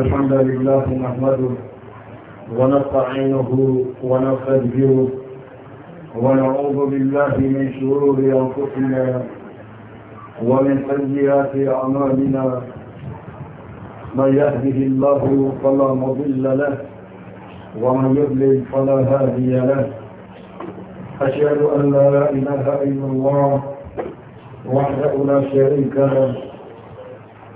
الحمد لله نحمده ونستعينه ونستغفره ونعوذ بالله من شرور انفسنا ومن سيئات اعمالنا من يهده الله فلا مضل له ومن يضلل فلا هادي له أشهد أن لا إله إلا الله وحده لا شريك له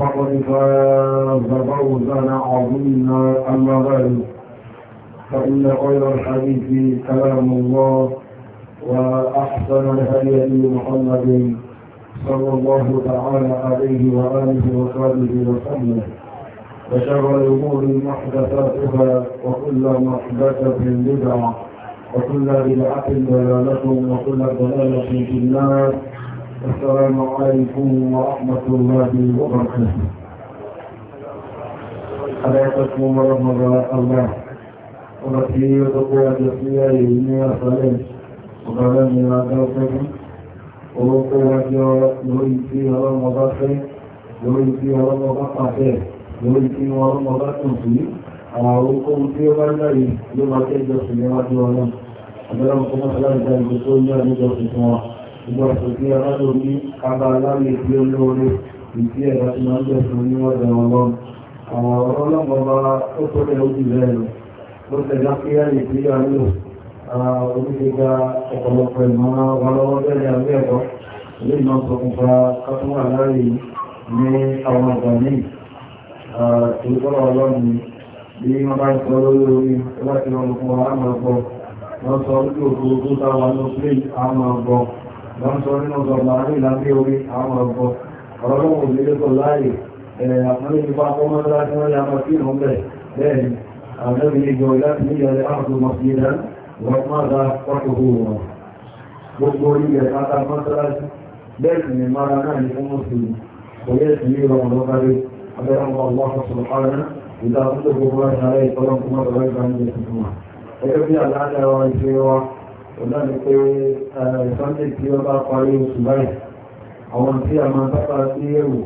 فقد فاز فوزا عظيما أما بعد فإن خير الحديث كلام الله وأحسن الهدي محمد صلى الله تعالى عليه وآله وصحبه وسلم وشر الأمور محدثاتها وكل محدثة بدعة وكل بدعة ضلالة وكل ضلالة في النار السلام عليكم ورحمة الله وبركاته حياتكم ورحمة الله ورسيه تقوى جسية يمي وسلم وقلم ينادركم ورقوة يوم فيها رمضان يوم فيها رمضان خير يوم فيها رمضان فيه àwọn ohun tí ó bá lárí ló máa tẹ́jọ sí níwájú ọlọ́run ọ̀dọ́rọ̀ kọmọ́sílá ìdájọ́ tó ń yá níjọ́ ìfún wa ṣùgbọ́n kò sí ẹ̀rọ tó ní kábà láàyè tí ó lóore ìdí ẹ̀rọ tí máa ń bẹ̀ fún níwọ̀dà ọlọ́run àwọn ọlọ́mọba ó tó lẹ́ ojú bẹ́ẹ̀ lọ ló tẹ̀lá pé àyè tí a lò orílẹ̀-èdè ọ̀pọ̀lọpọ̀ ìmọ̀ wa lọ́wọ́ bẹ́ẹ̀ àbẹ́ ẹ̀kọ́ ilé ìmọ̀ ṣokùnfà kátúwà láàyè ní àwọn ọ̀gbà míì tòlùkọ́lọ̀ ọlọ́run bí wọ́n bá sọ lórí orí láti ọlọ́pọ̀ àmọ̀ ọ̀gbọ̀ wọ́n sọ orí òkúrukú táwọn ló pé àmọ̀ ọ̀gbọ̀ wọ́n sọ nínú ọ̀sọ̀gbà ní ìlànà orí àwọn ọ̀gbọ̀ ọ̀rọ̀lọ́wọ̀ òbílẹ̀ tó láàyè àwọn ìfipá ọmọdé láti wọ́n yà máa fíìmù bẹ̀ bẹ́ẹ̀ àwọn ẹgbẹ̀ ìjọ láti ní ìyàrá ààbò mọ̀sílẹ̀ wọ́n máa dá pọ́tòkó wọn gbogbo ilẹ̀ pátá mọ́sálásí bẹ́ẹ̀ sì ni mara náà ní fún mùsùlùmí kò yẹ sí ní ìrọ̀rùn lọ́kàrí abẹ́rẹ́ ọmọ ọlọ́pàá sọ̀rọ̀ pàrọ̀ náà ìdá àkókò gbogbo ẹ̀ṣẹ̀ ààrẹ ìtọ́lọ́kùnmọ́ wa ọ̀nà ni pé ìsọ́njẹ́ tí ó bá parí oṣù báyìí àwọn tí a máa sápa sí èrò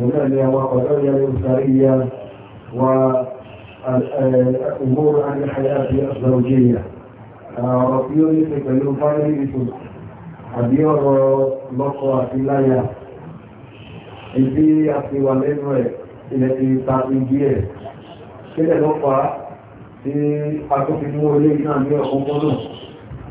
ọ̀nà ni àwọn ọ̀dọ́ yẹn ní ìsàrí ya wa umuru alihaya àti azawjiyya ọ̀rọ̀ tí ó ní ṣe pẹ̀lú family issues àbí ọ̀rọ̀ lọ́kọ àti láya ìdí àti wà lẹ́nu ẹ̀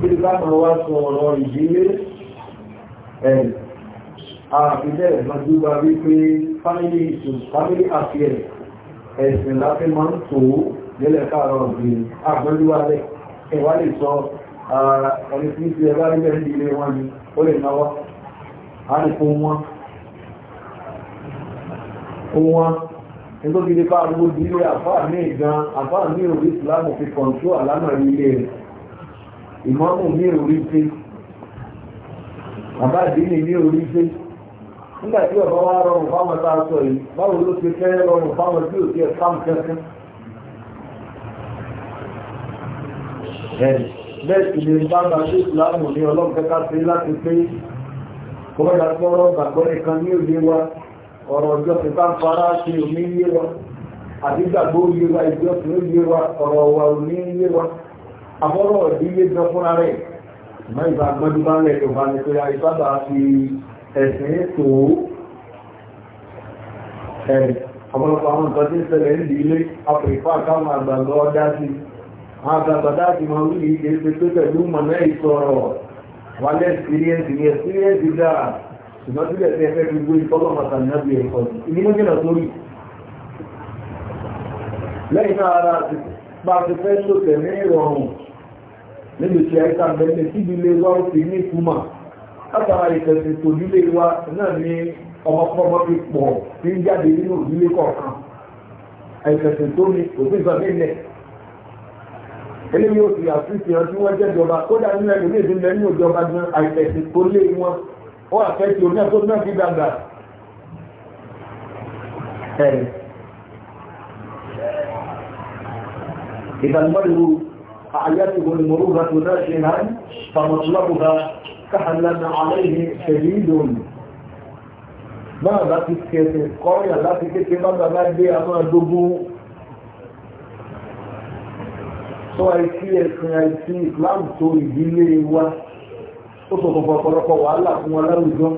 kí bá máa wá sọ ọ̀rọ̀ ìdílé ẹ̀ àfilẹ̀ gbajúgbà wípé family issues family affairs ẹ̀sìn láti máa ń tó nílẹ̀ káàrọ̀ ọ̀gbìn àgbọ́júwálẹ̀ ẹ̀wà lè sọ ọ̀rẹ́ tí ti ẹ̀bá rí bẹ́ẹ̀ ìdílé wọn ni ó lè náwọ́ àríkò wọn wọn nítorí nípa àrùgbò ìdílé àfáà ní ìgan àfáà ní òbí ìsìlámù fi kọ̀ǹtó àlámà ilé rẹ̀ ìmọ́mù ní orí pé bàbá ìdílé ní orí pé nígbà tí ọ̀bá wá rọrùn fáwọn tá a sọ yìí báwo ló ṣe fẹ́ rọrùn fáwọn tí ò sí ẹ̀ka kẹ́kẹ́ bẹ́ẹ̀ sì ni bàbá tó ìsìláàmù ní ọlọ́pẹ́ká sí láti pé kó bá dàgbọ́ ọ̀rọ̀ gbàgbọ́ nìkan ní òye wa ọ̀rọ̀ ọjọ́ ti bá ń fara ṣe òní yé wa àti gbàgbọ́ òye wa ìjọ́sìn òye wa ọ̀rọ̀ wa òní yé wa àbọ̀rọ̀ ìdílé gan fúnra rẹ̀ mọ́ ìbá gbọ́dú bá rẹ̀ lọ́ba ní pé àìsábà fi ẹ̀sìn tó ọ̀pọ̀lọpọ̀ àwọn nǹkan tí ń ṣẹlẹ̀ ń dílé afẹ́fà káwọn àgbàgbọ́ dá sí àgbàgbà dá sí máa wílì ìdè ṣe pé pẹ̀lú mọ̀nà ìsọ̀rọ̀ wálẹ̀ experience ní experience dáa ṣùgbọ́n sílẹ̀ tí ẹ fẹ́ fi gbé ìfọ́lọ́ màtàlínábì ẹ̀kọ́ ní mọ́jìnà sórí lẹ́yìn náà ara bá ti fẹ́ lò tẹ̀mí ìrọ̀rùn níbi tí àyíká bẹ̀rẹ̀ tí ìdílé wa ó fi ní ìtumọ̀ látara ìfẹ̀sìn tó nílé wa náà ni ọmọkọ́mọ fi pọ̀ tí ń jáde nínú ìdílé kọ̀ọ̀kan àìfẹ̀sìn tó ní òfin sọ nílẹ̀ eléyìí òsì àfíìsì hàn tí wọ́n jẹ́ ìjọba kódà nínú ẹgbẹ́ ní ìdílé nínú ìjọba gan àìfẹ̀sìn tó lé wọn ó àfẹ́sì òní àtó náà fi dàgbà ẹ̀rì ìdánimọ́lẹ́wò أعياته المروضة ناشنا فمطلبها سهلا عليه شديد máa bá ti kẹsẹ̀ kọ́yà láti kéke má bàbá dé àwọn àdógún tó àìsí ẹ̀sìn àìsí Islam tó ìdílé wa ó ṣokùnfà ọ̀pọ̀lọpọ̀ wàhálà fún wa láwùjọ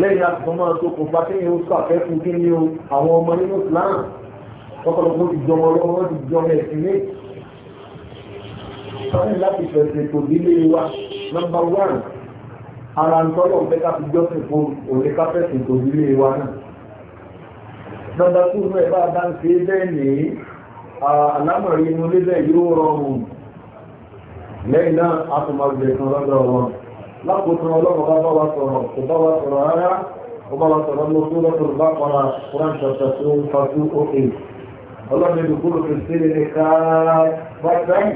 lẹ́yìn àtúntò máa ṣokùnfà kí ni ó sọ àfẹ́kùn kí ni àwọn ọmọ nínú Islam ọ̀pọ̀lọpọ̀ ti jọmọ lọ́wọ́ ti jọmọ ẹ̀sìn méjì àǹfààní láti fẹ̀sẹ̀ tó nílé wa nọ́mbà wán ara ń tọ́lọ̀ pé ká fi jọ́sìn fún òní ká fẹ̀sẹ̀ tó nílé wa náà nọ́mbà tún náà bá bá ń ṣe bẹ́ẹ̀ ní àlámọ̀rí inú níbẹ̀ yóò rọrùn lẹ́yìn náà a tún máa gbẹ̀ fún lọ́dọ̀ wọn lákòótọ́ ọlọ́run bá bá wa sọ̀rọ̀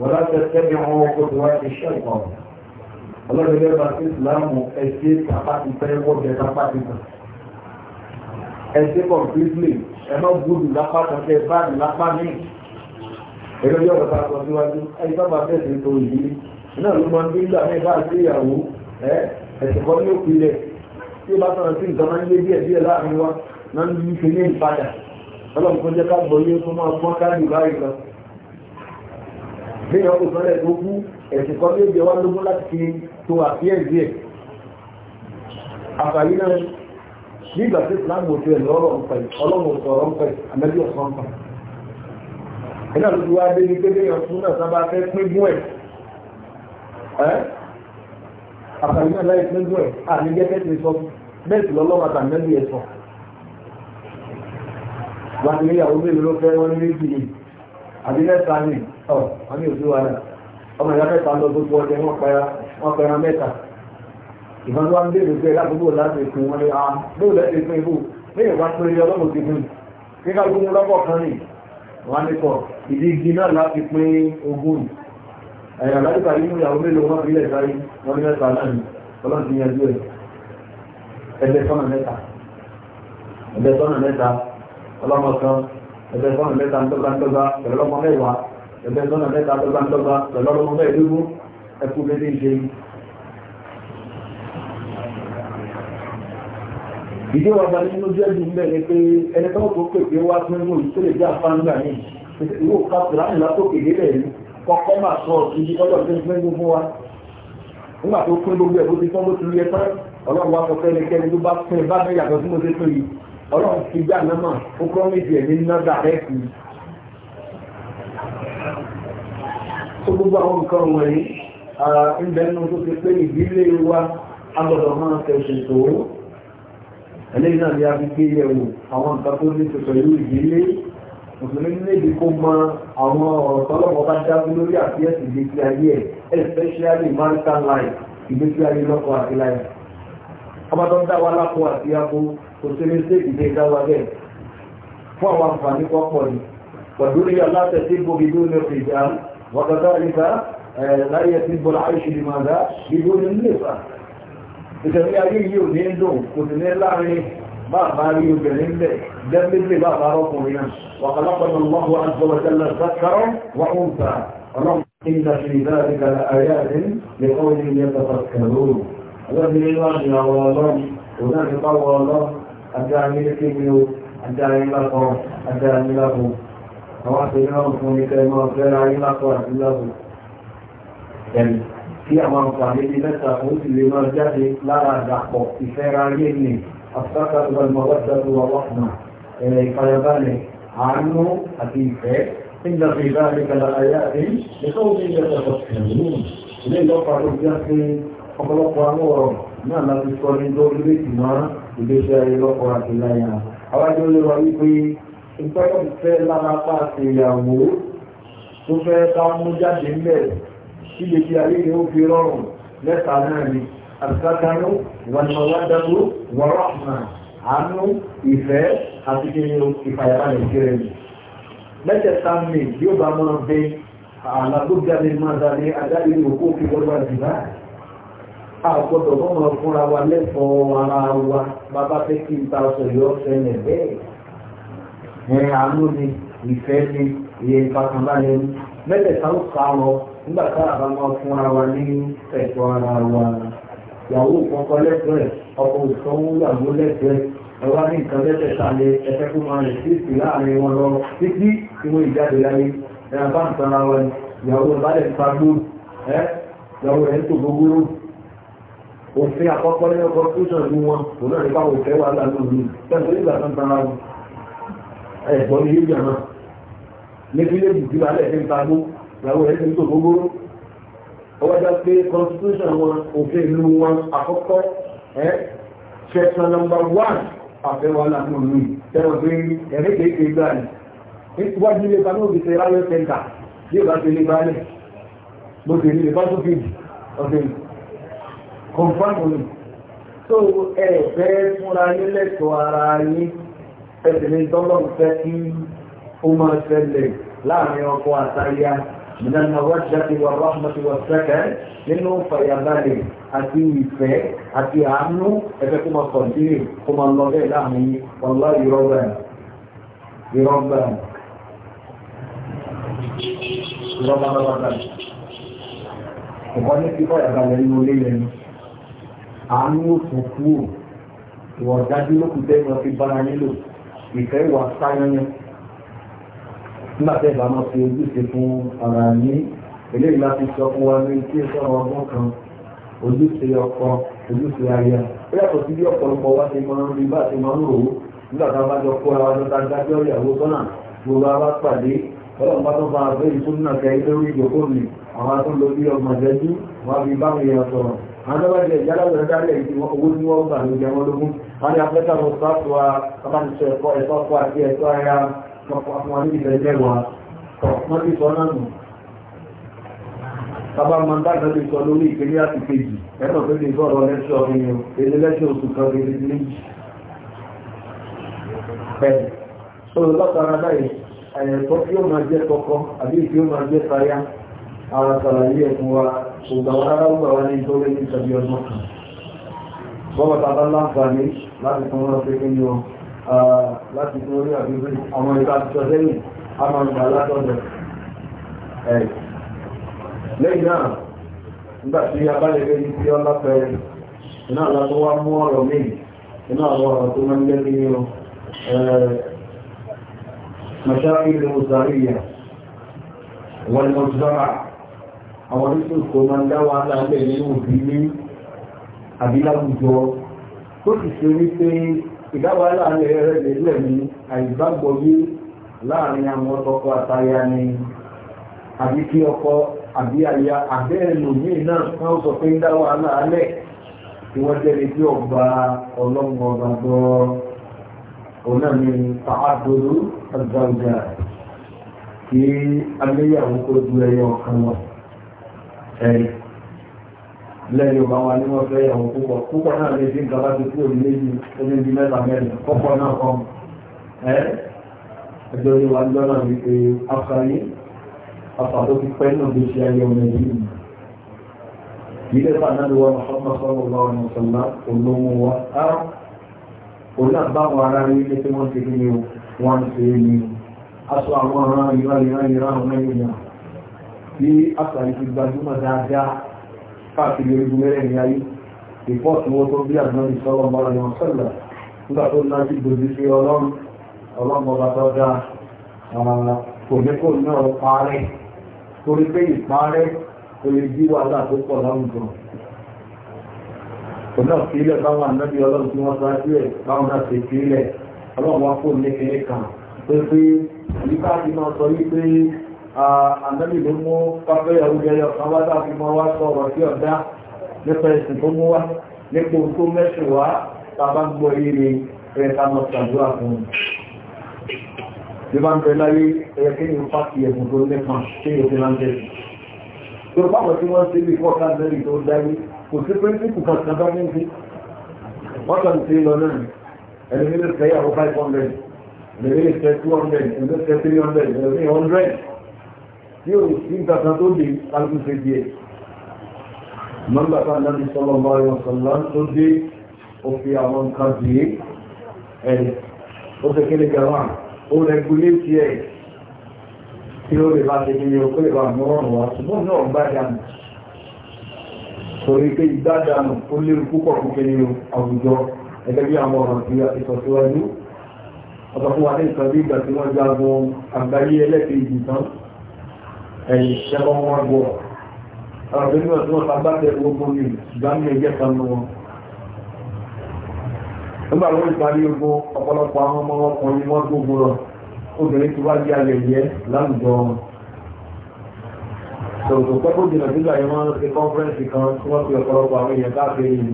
ولا تتبعوا خطوات الشيطان ọlọ́run ilé ọba sí ìsìláàmù ẹ̀sìn kápákí tẹ́wọ́ jẹ kápákí tán ẹ̀sìn kọ̀ǹpútìlì ẹ̀mọ́ gbúdù lápá kan tẹ báàgì lápá míì ẹ̀rọ yóò lọ́ta sọ síwájú ẹ̀yìn sábà fẹ́ẹ̀sì tó yìí náà ló mọ ní ìgbà sí ìyàwó ẹ̀sìn kan ní òkú ilẹ̀ tí ó sọ̀rọ̀ sí nǹkan ń yé díẹ̀ díẹ̀ láàrin wa náà ń yí ní ìpadà ọlọ́run kọjá ká gbọ́ yé fún máa gbọ́n ká bí wọn kò sọlẹ̀ tó kú ẹ̀sìn kan ní ìjọba lógún láti fi tó àfihàn díẹ̀ àfàyí náà nígbà tí ìsìláàmù òfin ẹ̀lọ́ ọ̀rọ̀ ń pẹ̀ ọlọ́mù ọ̀rọ̀ ń pẹ̀ àmẹ́bí ọ̀sán ń pẹ̀ ẹ̀nà lójú wa dé ní pépé ọ̀tún náà sábà fẹ́ pín gún ẹ̀ ẹ́ àfàyí náà láì pín gún ẹ̀ àmì gẹ́gẹ́ ti sọ bẹ́ẹ̀ sì àtàmẹ́bí àbí mẹ́ta ní ọ̀ àmì òṣùwà náà ọmọ ìyá mẹ́ta lọ gbogbo ọdẹ wọn pẹra wọn pẹra mẹ́ta ìbọn tó wá ń béèrè pé lágbogbo láti fún wọn lé àwọn bóò lẹ́sẹ̀ fún ibò léyìn wá pé ilé ọlọ́mọ ti fún kí kálukú mú lọ́pọ̀ kan rìn wọn ní kọ ìdí igi náà láti pín ogún ẹ̀yà lágbàá yìí ìyàwó mélòó wọn fi ilẹ̀ sáré wọn ní mẹ́ta náà ní ọlọ́run ti yanjú ẹ̀ ẹgbẹ́ sọ́nà mẹ́ta ẹgbẹ́ sọ́nà mẹ́ta ọlọ́mọ kan ẹgbẹ́ sọ́nà mẹ́ta ńdọ́gbàndọ́gba pẹ̀lú ọmọ mẹ́wàá ẹgbẹ́ sọ́nà mẹ́ta ńdọ́gbàndọ́gba pẹ̀lú ọmọ mẹ́ẹ̀ẹ́dógún ẹkú bébí ṣe ìdí wa gba nínú jẹ́ ju mbẹ́ ni pé ẹni tó kó pè pé wá fún inú tó lè jẹ́ àfáńgbà ní ìwò kápùlá ńlá tó kéde bẹ́ẹ̀ ni kọ́kọ́ máa sọ ìdí ọjọ́ tó ń pín gbogbo wa nígbà tó pín gbogbo ẹ̀ bó ti tán bó ti rí ẹ tán ọlọ́run wa sọ fẹ́ni kẹ́ni tó bá pín bá bẹ́ẹ̀ yàtọ̀ sí mo ṣe pín yìí ọlọ́run ti gbà náà ó promise ẹ̀ ní nọ́dà rẹ̀ kù. tó gbogbo àwọn nǹkan wọ̀nyí ń bẹ nínú tó ti pé ìdílé wa agbọ̀dọ̀ máa tẹ̀sẹ̀ tó ẹlẹ́yìn náà ni a fi gbé yẹ̀wò àwọn nǹkan tó ní ṣe pẹ̀lú ìdílé òṣèlú níbi kó mọ àwọn ọ̀rọ̀ tọ́lọ́pọ̀ bá dábí lórí àfíẹ́sì ìgbésí ayé ẹ̀ especially marital life ìgbésí ayé lọ́kọ àti láyé ọba tó ń dá wa lápò àti abo kò sí ní stéèkì dé dá wa bẹ́ẹ̀ fún àwọn àǹfààní pọ́pọ̀ ni pẹ̀lú ní aláṣẹ tí gbogbo ìlú ní òfin ìjà wàtàtà nípa láyé obìnrin bẹ̀ dẹ́gbẹ́gbẹ́ bàbá ọkùnrin náà wàkàlápọ̀nà lọ́wọ́ àjọwọ̀tẹ́lẹ̀ sákàrọ̀ wà ó ń ta ọlọ́run إن في ذلك لآيات لقوم يتفكرون ọlọ́run ní wọ́n ní àwọn ọlọ́run òun náà ti pa wọ ọlọ́run agbára ní lé kébi o agbára ní lápọ̀ agbára ní lápọ̀ àwọn àtẹ̀lé náà fún ní kẹ́ mọ́ ọ̀fẹ́ra ní lápọ̀ àti lápọ̀ ẹ̀mí tí àwọn àǹfààní ní mẹ́ta ó sì lè máa jáde lára àdàpọ̀ ìfẹ́ra ayé ni àfúrákà tó bá ní ọwọ́ ìdájọ́ wa wà fún ìfàyàbálẹ̀ àánú àti ìfẹ́ إن في ذلك لآيات لقوم يتفكرون ليه يقع الجهل ọ̀pọ̀lọpọ̀ àwọn ọ̀rọ̀ náà láti sọ ní lórílẹ̀ ìgbìmọ̀ ìgbésẹ̀ ayé lọ́kọ̀ àti láyà àwájú olóró wípé ìtọ́jú fẹ́ lálápá àti ìyàwó tó fẹ́ bá mú jáde ńlẹ̀ kí lè fi ayé ni ó fi rọrùn lẹ́ta náà ni àtìkákanú ìwànìmọ̀wádàgbò wọ́rọ̀mà àánú ìfẹ́ àti kí ni ìfàyàbalẹ̀ kéré ni mẹ́tẹ̀ẹ̀ta mi yóò bá mọ́ bẹ àlàgbógbàmí máa dá ní adáyé òkú òfin wọ́n wá jù báyìí àgbọ̀dọ̀ mọ́mọ́ fúnra wa lẹ́fọ̀ọ́ ara wa bàbá fẹ́ kí n ta ọ̀sẹ̀ yọ ṣẹlẹ̀ bẹ́ẹ̀. ẹ àánú ni ìfẹ́ ni iye ìfàkànbalẹ̀ ni mẹ́tẹ̀ẹ̀ta ó sá lọ nígbà tá a bá fúnra wa ní ẹ̀tọ́ ara wa. kọ́kọ́ ọkọ̀ ní nǹkan lé kó máa rẹ̀ sí láàrin wọn òfin àkọ́kọ́ nínú constitution ní wọn kò náà nípa òfẹ́ wà lánàá ní tẹ́sí nígbà tó ń tara ẹ̀gbọ́n ní yíyà náà ní fílẹ̀jì tí wà lẹ́ẹ̀kẹ́ ń ta mú làwọn ẹ̀ṣẹ̀ ń tò gbogbo ó wájá pé constitution wọn òfin ìlú wọn àkọ́kọ́ ẹ̀ section number one àfẹ́ wà lánàá ní tẹ́wọ̀n pé ẹ̀rí kéèké gbà ní wájú ilé ìgbà náà fi ṣe ráyọ̀ sẹ́ńtà bí ìgbà tó lè gbà ní bó ṣe ní ìgbà tó fi ọ̀sẹ̀ yìí kọ̀ǹfàmù ni tó ẹ̀fẹ́ fúnra yín lẹ́tọ̀ ara yín ẹ̀sìnlẹ̀ tọ́lọ́run fẹ́ kí ó máa ṣẹlẹ̀ láàrin ọkọ àtàyà ìdáná wájà ti wà ráhùnmọ́tì wà sẹ́kẹ̀ nínú fàyàbalẹ̀ àti ìfẹ́ àti àánú ẹ̀fẹ́ kó máa kọ̀ǹdílé kó máa lọ bẹ́ẹ̀ láàrin yín wàlá ìrọ́bà ìrọ́bà ìrọ́bà lọ́wọ́ dáadáa ọ̀pọ̀ ní kíkọ́ ìyàbalẹ̀ nínú ilé yẹn àánú òfin kúrò ìwà ọ̀dájú ló kù tẹ́yìn ọtí bára nílò ìfẹ́ ìwà sáyẹnyẹ nígbà tẹ́ ìbá máa fi ojúṣe fún ara ní eléyìí láti sọ fún wa ní ọgbọ́n kan ojúṣe ọkọ ojúṣe aya ó yàtọ̀ sí bí ọ̀pọ̀lọpọ̀ wa ṣe máa ń rí bá ṣe máa ń rò ó nígbà tá a bá jọ wa lọ́ta dájọ́ a náà kẹ́ mi àjọ́bájẹ́ ìyálàwọ̀ ẹ̀dárí ẹ̀yí owó tí wọ́n gbà ní ìjẹun ológun wọ́n ni afẹ́ta lọ sáàtùwà abájúṣe ẹ̀kọ́ ẹ̀kọ́ fún àti ẹ̀kọ́ ara fún wa ní ìfẹ́ mẹ́wàá wọ́n ti sọ náà nù bàbá mandá náà ti sọ lórí ìpínlẹ̀ àti kejì ẹ̀nà tó ti sọ̀rọ̀ lẹ́ṣọ́ ọ̀rìnrìn èdè lẹ́ṣọ́ oṣù kan lè ní so lọ́tara báyìí ẹ̀ẹ̀kọ́ tí ó máa jẹ́ kọ́kọ́ àbí tí ó àwọn àtàlàyé ẹ̀kùn wa ṣùgbọ́n rárá gbà wá ní ìtọ́lẹ̀ ní ìtàbí ọdún kan bọ́bá tàbá láǹfààní láti fún wọn pé kí ni ọ láti fún orí àbíbí àwọn ìta àtijọ́ lẹ́yìn a máa gbà látọ̀dọ̀ ẹ̀ lẹ́yìn náà nígbà tí a bá lè rí tí ọlá pẹ̀lú iná àlá tó wá mú ọ̀rọ̀ míì iná àwọn ọ̀rọ̀ tó máa ń lẹ́bí ní ọ مشاكل الأسرية والمجتمع àwọn tó tó máa ń dá wa lábẹ́ nínú ìdílé àbí láwùjọ tó sì ṣe wípé ìdáwà láàrin rẹ̀ lélẹ̀ ní àìgbàgbọ́yé láàrin àwọn ọkọ àtaya ni àbí kí ọkọ àbí aya àbẹ́ẹ̀lò míì náà kan sọ pé ń dáwà láàlẹ̀ tí wọ́n jẹ́ létí ọgbà ọlọ́run ọgbà gbọ́ ọ̀nà ni tààdòrò àgbàgbà kí aléyàwó kó ju ẹyọ kan lọ ẹ̀rí lẹ́yìn ọba wa ní wọ́n fẹ́ ìyàwó púpọ̀ púpọ̀ náà lè fi gàbá ti kúrò ní méjì oníbi mẹ́ta mẹ́rin kọ́kọ́ náà kọ́ ẹ́ ẹjọ́ ní wa lọ́nà wípé afárí afa tó ti pẹ́ náà ló ṣe ayé ọmọ ẹ̀yìn mi ilé bá náà ló wà mọ̀sánmọ́ sọ́wọ́ bá wọn sọ̀lá olówó wa á òun náà bá wọn ara rí ilé wọ́n ti rí ni ṣe é ni aṣọ àwọn ará ìrá bí àtàrí ti gbajúmọ̀ dáadáa káàkiri orígun mẹ́rẹ̀ ní ayé ìpọ́ọ̀tù wọn tó bí àgbọ̀n ìṣọ́lọ̀ mọ́ra ní ọ̀sẹ̀lẹ̀ nígbà tó ná sí gbòdì sí ọlọ́run ọlọ́run ọba tó dáa kò ní kò náà parẹ́ torí pé ìparẹ́ kò lè bí wàhálà tó pọ̀ láwùjọ kò náà fi ilẹ̀ báwọn ànábì ọlọ́run tí wọ́n ṣáájú ẹ̀ báwọn náà ànábì ló mú pápẹ́ ìyàwó jẹyọ kan wá láti mọ́ wá sọ ọ̀rọ̀ sí ọ̀dá nípa ẹ̀sìn tó mú wá nípa ohun tó mẹ́sùn wá tàbá gbọ́ ire ẹ̀rẹ́ ká mọ̀ ṣàdúrà fún un bí bá ń bẹ láyé ẹ̀yẹ kí ni ó pàtì ẹ̀bùn tó nípa tí ó fi máa ń jẹ́ tó báwọn tí wọ́n ṣe bí fọ́ọ̀ká lẹ́rìí tó dáyé kò sí pé nípò bá ní tí ó sí ìgbàkan tó lè alùpùpù díẹ̀ mọ́gbàtà náà sọ́lọ́ bá yọ sọ́lá tó dé òfin àwọn nǹkan díẹ̀ ẹ̀ ó fẹ́ kéde gàmà ó rẹ̀gúlé tí ẹ̀ tí ó lè bá ṣe ní ọkọ̀ ìwà mọ́rọ̀rùn wa ṣùgbọ́n náà gbádàmù torí pé ìgbádàmù ó léwu fún wa ní ìtọ́jú ìgbà tí wọ́n jagun àgbáyé ẹlẹ́fẹ̀ẹ́ ìdìtàn ẹ̀yìn ìṣẹ́kọ́ wọn gbọ́ ọ̀rọ̀ tó ní ọ̀tún ọ̀tá bá tẹ̀ gbogbo ní ìgbàmí ẹgbẹ́ kan nù wọn nígbà wọn ìparí ogun ọ̀pọ̀lọpọ̀ àwọn ọmọ ọkùnrin wọn gbogbo rọ obìnrin ti wá di ayẹyẹ láwùjọ wọn tòótò pẹ́kọ̀ jìnà nígbà yẹn wọ́n ṣe kọ́nfẹ́rẹ́nsì kan tí wọ́n fi ọ̀pọ̀lọpọ̀ àwọn èèyàn káàkiri yìí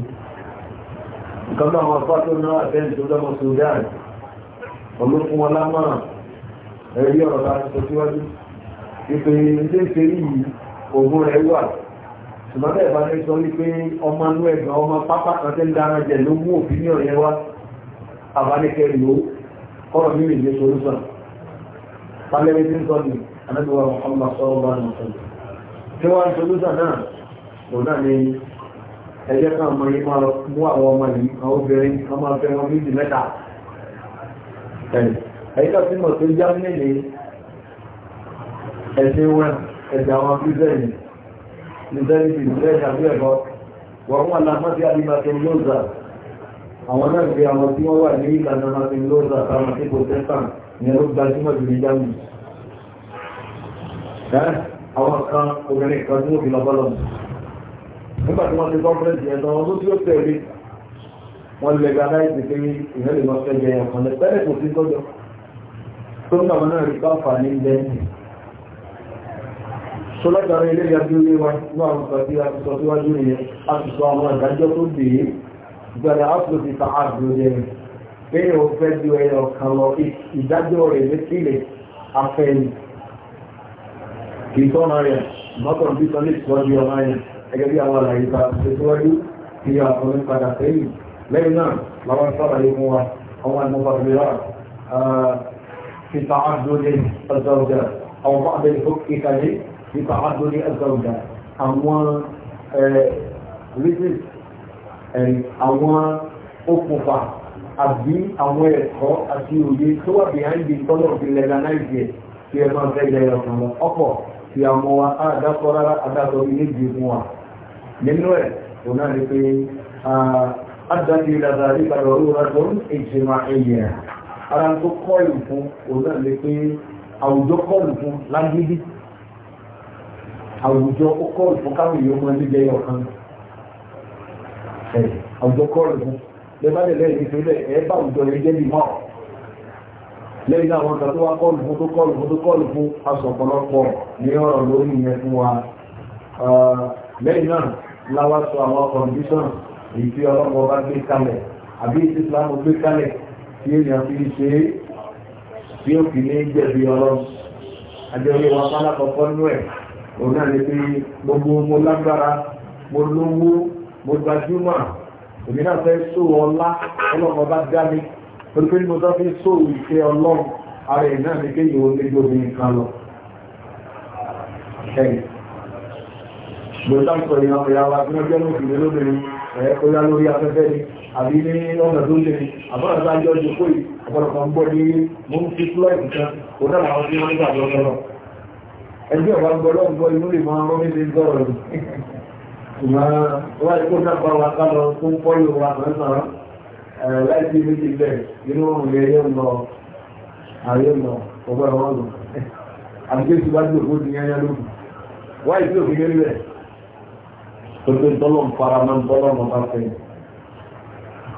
nǹkan náà wọn fọ́ tó náà àtẹ́ǹtì tó lọ́mọ Sudan olókun wọn lámọ̀ràn ẹ̀rí ọ̀rọ̀ láti sọ síwájú ìpè ilé ìṣeré yìí òun rẹ̀ wà ṣùgbọ́n bẹ́ẹ̀ bá fẹ́ sọ wípé ọmọ inú ẹ̀gbọ́n ọmọ pápá kan tẹ́ ń dára jẹ ló mú òfin ní ọ̀yẹ́ wá àbáníkẹ́ ló kọ́rọ̀ ní ìlú solúsàn pálẹ́wẹ́ tí ń sọ ní anábíwá ọmọ sọ́rọ̀ bá ń sọ tí wọ́n solúsàn náà kò náà ní ẹjẹ́ kan mọ máa mú àwọn ọmọ yìí àwọn obìnrin kan máa méjì mẹ́ta ẹ̀yìn tó ti tó já nílé ẹ̀sìn wọn ẹ̀dà wọn bí bẹ́ẹ̀ ni lẹ́yìn tí bẹ́ẹ̀ tàbí ẹ̀kọ́ wọ́n wà lámọ́sí alimatin lóza àwọn náà fi àwọn tí wọ́n wà ní ìlànà martin lóza àwọn tí kò tẹ́sàn ní ẹ̀rọ gbajúmọ̀ jù ní jámù àwọn kan obìnrin kan tí wọ́n fi lọ́bọ́lọ́ nígbà tí wọ́n ti kọ́ńfẹ́rẹ́ǹsì ẹ̀sán wọn ló tí ó tẹ̀lé wọ́n lè ga láìsí pé ìrẹ́lẹ̀ lọ́fẹ́ jẹ ọ̀kan lẹ́pẹ́lẹ̀ kò sí tọ́jọ́ tó ń gbà wọn náà rí káfà ní ilẹ̀ ẹ̀sìn tó látàrí ilé ìyàjú ilé wa náà ń sọ sí àti sọ síwájú ìyẹn àti sọ àwọn ìdájọ́ tó dé gbọ́dọ̀ ápùlù ti ta àbúrò jẹ pé o fẹ́ ju ẹyọ kan lọ ìdájọ́ rẹ̀ létílẹ̀ afẹ́ni kì í tọ́nà rẹ̀ mọ́tò bí sọ ní ìtọ́jú ọmọ yẹn gẹ́gẹ́ bí àwọn àlàyé ta ṣe síwájú kí a sọ ní padà sẹ́yìn lẹ́yìn náà làwọn sábà yìí mú wa àwọn àmọ́fà mìíràn في تعدد الزوجات أو بعض الحكم كذلك nípa àbúrí ẹgbẹ̀rúdà àwọn reasons àwọn okùnfà àbí àwọn ẹ̀kọ́ àti òye tó wà behind the color of the legalize yẹ tí ẹ máa fẹ́ yẹra fún wọn ọkọ̀ tí a mọ wa á dákọ́ rárá adákọ̀ ilé ìgbé fún wa nínú ẹ̀ òun náà ni pé àdájú ìlàdà nípadà olóra tó ń ìjìnà ẹ̀yẹ̀ ara tó kọ́ ìfún òun náà ni pé àwùjọ kọ́ ìfún lágídí àwùjọ ó kọ́ọ̀lù fún káwọn èèyàn máa lé jẹyọ kan àwùjọ kọ́ọ̀lù fún lẹ́bàá lẹ́lẹ́ ìfẹ́lẹ́ ẹ bá àwùjọ rẹ̀ jẹ́ bí máa lẹ́yìn náà wọn kan tó wá kọ́ọ̀lù fún tó kọ́ọ̀lù fún tó kọ́ọ̀lù fún aṣọ ọ̀pọ̀lọpọ̀ ní ọ̀rọ̀ lórí yẹn fún wa lẹ́yìn náà láwá sọ àwọn kọ̀ǹdíṣọ̀n èyí tí ọlọ́pọ̀ bá gbé kalẹ̀ àbí Islam gbé kalẹ̀ tí èèyàn fi ṣe tí ó fi ní jẹ̀bi ọlọ́run àjẹwé wa pálákọ̀ọ́kọ́ nú ẹ̀ òun náà ni pé gbogbo mo lágbára mo lówó mo gbajúmọ̀ èmi náà fẹ́ só ọlá ọlọ́run ọba dá mi torí pé mo tó fi só ìfẹ́ ọlọ́run ara ẹ̀ náà ni pé yòó lé lómi nǹkan lọ. mo sáǹsọ̀ ìyá ọ̀yà wa tí wọ́n jẹ́ lóbìnrin lóbìnrin ẹ̀ kóyá lórí afẹ́fẹ́ ni àbí ní ọ̀nà tó lè àbọ̀nà tó ajọ́ ojú kó yìí ọ̀pọ̀lọpọ̀ ń bọ̀ ní mo ń fi fúlọ̀ ìkùnkan kò náà làwọn tí wọ́n nígbà lọ́sọ̀rọ̀ ẹgbẹ́ ọ̀wá gbọ́lọ́gbọ́ inú lè máa rọ́ nílé gọ́ọ̀rọ̀ ṣùgbọ́n wá ikú náà bá wa ká lọ tó ń pọ́lù wa mẹ́sàn án láì sí méjì bẹ́ẹ̀ inú ọ̀rùn yẹn yóò lọ ààyè lọ ọgbọ́n ẹ̀wọ̀n lọ àbíké tí wá sí òkú ti yẹn yẹn wá ìsí òkú yẹn lẹ̀ tó pé tọ́lọ̀ ń fara máa tọ́lọ̀ mọ́ bá fẹ́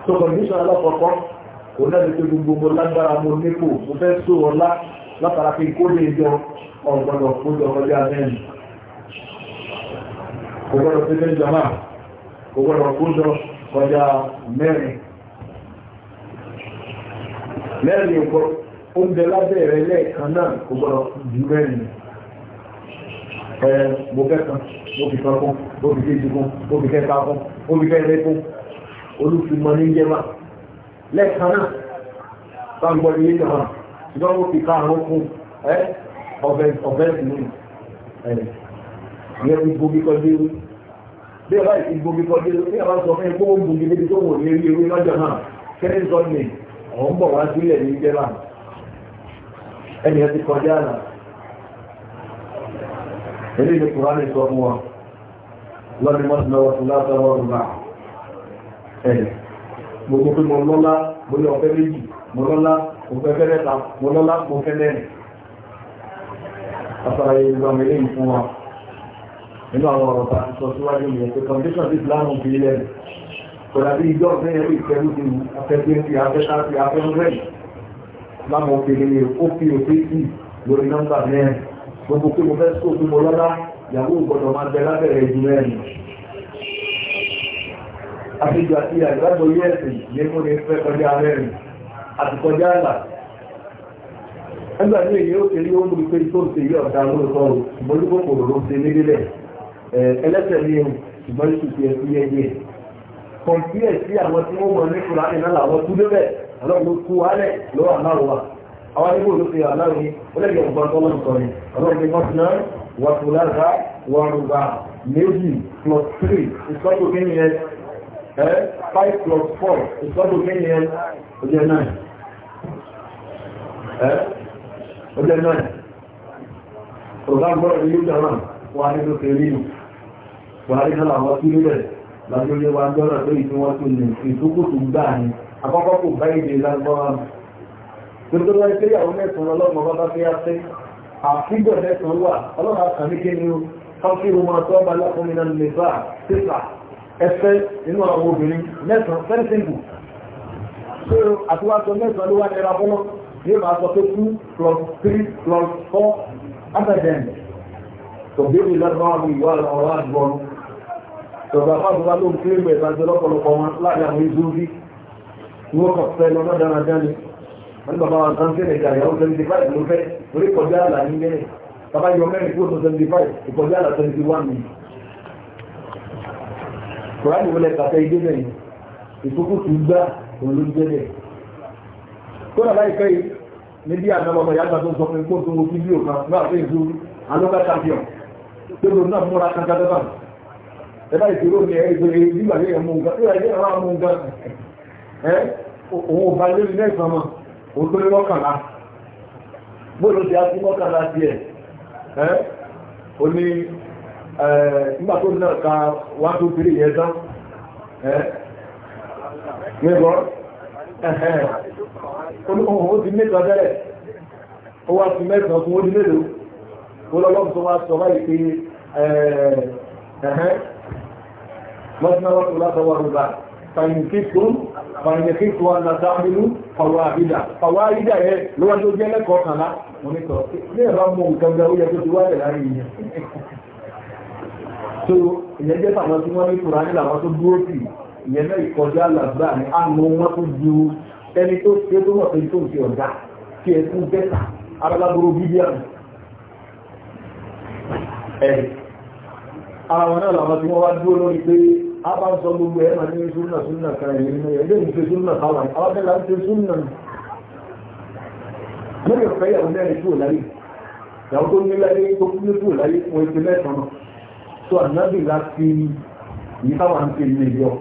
so condition alákọ̀ọ́kọ́ kò náà lè pé gbogbo lágbára mo nípò mo fẹ́ sóòrọ̀ lá látara pé kó lè jọ ọ̀gbọ̀dọ̀ fún ọjọ́ abẹ́ni ọgbọ̀dọ̀ fún ẹgbẹ́ ìjọmá ọgbọ̀dọ̀ fún ọjọ́ mẹ́rin mẹ́rin oúnjẹ lábẹ́ rẹ̀ lẹ́ẹ̀kan náà ọgbọ̀dọ̀ jù mẹ́rin mo kẹ́kan mo fi kan fún mo fi kéjì fún mo fi kẹ́ka fún mo fi kẹ́rẹ́ fún olùfimọ́ ní jẹ́mà lẹ́ẹ̀kan náà bá ń gbọ́dọ̀ yé jọ̀mà ọ̀bẹ́ ìlú ìyẹn ti gbogi kọ́ dé rú bí ọba ìsì gbogi kọ́ dé rú bí ọba sọ fún ẹgbẹ́ ògùn níbi tó wò ní eré ewé lọ́jọ́ náà kẹ́lí sọ ní ọ̀hún bọ̀ wá sílẹ̀ ní ìjẹ́ náà ẹni ẹ ti kọjá àná ẹni ní kùránì sọ fún wa lọ́ni mọ́sílọ́wọ́ fún látọwọ́ rúbà ẹ̀ gbogbo pé mo lọ́lá mo méjì mo lọ́lá mo fẹ́ fẹ́ mẹ́rin àtàràyè ìgbàmù ilé ìfún wa nínú àwọn ọ̀rọ̀ tá a sọ síwájú ìyẹn pé condition ti plan òfin ilẹ̀ kò dàbí ìjọ ọ̀fẹ́ ẹ̀rọ ìfẹ́rú ti wù afẹ́fẹ́ ti afẹ́ta ti afẹ́rú rẹ̀ láwọn òkèlè ó fi òfin sí lórí nọ́mbà mẹ́rin gbogbo pé mo fẹ́ sọ fún mo lọ́lá ìyàwó gbọ́dọ̀ máa bẹ lábẹ́rẹ̀ ìjú mẹ́rin àfihàn àti àgbàgbọ́ yẹ́sìn ní fún ní fẹ́ kọjá mẹ́rin àti kọjá àlà ẹgbà ní èyí ó ṣe rí oúnjẹ pé tó ṣe yí ọ̀dà lóòótọ́ o ṣùgbọ́n ní kòkòrò ló ṣe ní lílẹ̀ ẹlẹ́sẹ̀ ní ewu ṣùgbọ́n ní ṣùgbọ́n ẹ̀kú yẹyẹ kọ̀m̀pìlẹ̀ sí àwọn tí wọ́n mọ̀ ní kùránì náà làwọn tú débẹ̀ ọlọ́run kú wálẹ̀ lọ́wọ́ àmàrùn wa àwọn ibò ló fi àláwọ̀ yìí ó lẹ́yìn ọgbọ́n tó lọ́nà sọ̀rọ̀ ọlọ́run ní mọ́tún náà wà tó lára wà plus three ìsọ́tò kẹ́yìn yẹn five plus four ìsọ́tò kẹ́yìn yẹn ó jẹ́ nine ọjọ́ náà ọ̀gá gbọ́rọ̀ ní ìjọ náà wà nínú kèrínù buhari náà àwọn tí ó rẹ̀ lágbóyé wa gbọ́rọ̀ tó ìtí wọ́n tún ní ìtókùtù gbà ní àkọ́kọ́ kò bá ìdè lágbọ́rọ̀ gbogbo láì pé ìyàwó mẹ́sàn-án ọlọ́mọ bá bá fi á ni ó fáfíru máa tọ́ bá lọ́kùnrin náà lè bá títà ẹfẹ́ inú àwọn obìnrin mẹ́sàn-án fẹ́rẹ́sìnkù tó àtiwáṣọ mẹ́sàn-án ló wá nira fọ́lọ́ yóò máa sọ pé two plus three plus four abẹ́dẹ̀n tó bébí lọ́dún àwọn ìwà ọ̀rọ̀ àgbọ̀n tọ̀gbà fáwọn ló ń kílé mẹ́ta jẹ́ lọ́pọ̀lọpọ̀ wọn láàrin àwọn ìlú rí ni wọ́n kàn fẹ́ lọ́dọ̀ dára jáde wọ́n bàbá wọn kan sílẹ̀ ìjà ìyàwó seventy five ló fẹ́ orí kọjá àlà ní mẹ́rin bàbá yọ mẹ́rin kúrò tó seventy five ìkọjá àlà seventy one ni. kùránì wọlé kàfẹ́ ìdí mẹ́rin ìkókó tún gbá òun ló ń jẹ́ bẹ́ẹ̀. kó níbi àmẹ́lọ́mọ yàgbà tó sọ fún ikú tó wọ́n fídíò kan náà fẹ́ ìlú alóga champion tó lò náà múra kankankan ẹ̀bá ìṣòro ni ẹ̀rí tó èyí nígbà ní ẹ̀mú nǹkan nígbà ní ẹ̀rọ àmú nǹkan ẹ̀ òun ọba lórí mẹ́sàn-án mọ̀ òun tó lé mọ́kànlá bóòlù ti á sí mọ́kànlá tiẹ̀ ẹ̀ ó ní nígbà tó náà ka one two three yẹn tán ẹ̀ ní olùkọ́kọ́ ó ti mẹ́ta bẹ́ẹ̀ ó wá sí mẹ́ta fún ó di mélòó ó lọ́lọ́mù tó wá sọ báyìí pé ẹ̀hẹ́n lọ́sùnà wọ́n tó látọwọ́ rúbà fàyìnkìtún fàyìnkìtún àdàdàmínú fàwọ́ àbídà fàwọ́ àbídà yẹ lọ́wọ́ tó jẹ́ lẹ́kọ̀ọ́ kànlá mo ní ẹ̀rọ mú nǹkan gbẹ so ìyẹn jẹ́ tàwọn tí wọ́n ní kùránì làwọn tó dúró sí ìyẹn náà ìkọjá làgbà ní àmọ́ wọn ẹni tó ṣe tó wọ́n pé tó ṣe ọ̀dá tí ẹ kú bẹ́ta aráláboro bíbíàmù ẹ̀rì ara wọn náà làwọn tí wọ́n wá dúró lórí pé a bá ń sọ gbogbo ẹ̀ máa ní súnà súnà kan ẹ̀yìn nínú ẹ̀ lè ṣe súnà káwà àwọn tẹ́lá ń ṣe súnà lórí ọ̀fẹ́ ìyàwó mẹ́rin ní láyé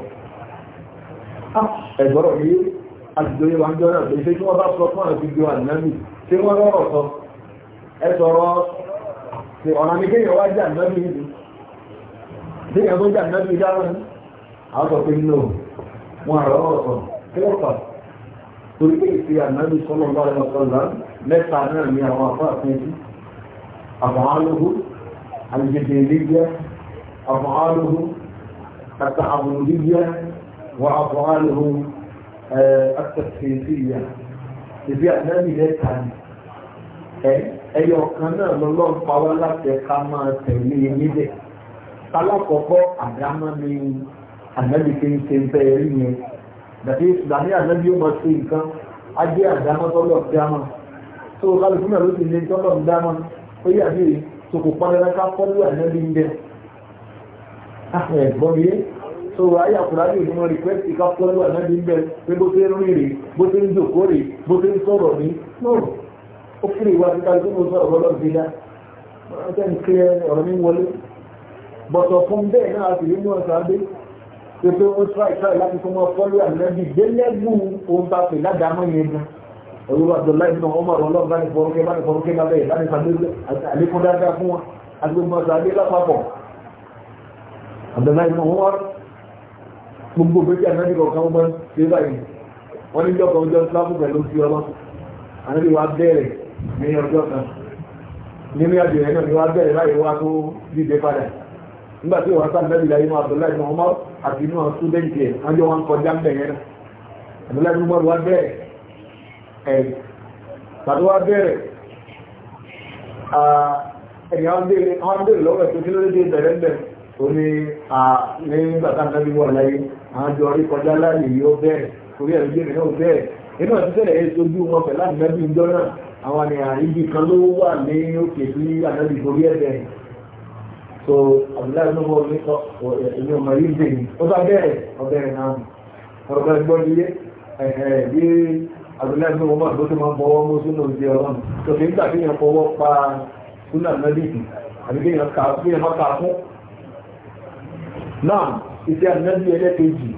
tó ah, ẹ̀gbọ́rọ̀ yìí àtìgbòye wa ń jọ náà lèṣe kí wọ́n bá sọ fún àtìgbò ànábì tí wọ́n rọrọ̀ sọ ẹ sọ̀rọ̀ ṣe ọ̀nà ní kéèyàn wá jẹ́ ànábì yìí tí èèyàn tó jẹ́ ànábì yìí dáhùn àwọn sọ pé nínú wọn àrọ̀ ọ̀rọ̀ àtẹ̀síyà ìbí ànábì lẹ́ta ni ẹyọ kan náà lọ́lọ́ pa wá láti ẹ̀ka máa tẹ̀lé e níbẹ̀ alákọ̀ọ́kọ́ àdámọ́ ni ànábì fi ń ṣe bẹ́ẹ̀ rí yẹn dàbí ìsìlámì ànábì ó mọ sí nǹkan á jẹ́ àdámọ́ tọ́lọ̀ dámọ́ tó o kálukú náà ló ti lé tọ́lọ̀ dámọ́ ó yà mí tó kò pọ́n lẹ́ka pọ́lú ń bẹ́ẹ̀ ah, so ayé àkùrádì òní wọn rìkwẹ́sì ká fọ́lú ànábì ń bẹ pé bó ṣe ń rìn rè bó ṣe ń jòkó rè bó ṣe ń sọ̀rọ̀ ní no ó kéré ìwà títa tó mo sọ ọ̀rọ̀ lọ́dún dídá ọjọ́ ní kí ọ̀rọ̀ ní wọlé bọ̀tọ̀ fún bẹ́ẹ̀ náà sì rí níwọ̀n sáadé pé pé ó tíra ìtíra láti fún wọn fọ́lú ànábì gbélẹ́gùn ohun tá a pè ládàámọ́ yẹn gan olúwa Abdullahi náà ọmọ ọ̀rọ̀ ọlọ́run bá ní fọrọ́kẹ́ bá ní fọrọ́kẹ́ bá bẹ́ẹ̀ bá ní sàgbé àlékún ọ̀sán adé lápapọ̀ wọ́n gbogbo gbèsè ànábì kọ̀ọ̀kan wọn máa ń ṣe báyìí wọ́n ní jọ́kọ̀ ọjọ́ sáfù pẹ̀lú sí ọmọ ànábì wa bẹ̀rẹ̀ ní ọjọ́ kan nínú àjò yẹn náà ni wa bẹ̀rẹ̀ láyé wa tó dìde padà nígbà tí wọ́n sáà nẹ́bí láyé máa bọ̀ láyé ọmọ àti inú ọ̀sùn dẹ́ǹtì ẹ̀ wọ́n jọ wọn kọjá ń bẹ̀ yẹn náà ẹ̀ tàbí wa bẹ̀rẹ̀ ẹ̀yà wọn àjọ orí kọjá láàyè yóò bẹ́ẹ̀ torí ẹ̀rù jẹ́ mìíràn bẹ́ẹ̀ inú ẹ̀ tẹ́lẹ̀ ẹ̀ sojú wọn pẹ̀lú ànábì ìjọ náà àwọn ni, ibi kan ló wà ní òkè sí ànábì torí ẹ̀bẹ̀ so abdullahi ló wọ ní ẹ̀mí ọmọ yìí dè ní ó bá bẹ̀rẹ̀ ọbẹ̀rẹ̀ náà ọ̀rọ̀ bá gbọ́ nílé bí abdullahi ló wọ́n bá tó máa bọ́wọ́ mú sínú ìdí ọlọ́run tó fi ń gbà kí èèyàn fọwọ́ pa náà iṣẹ́ ànábì ẹlẹ́kejì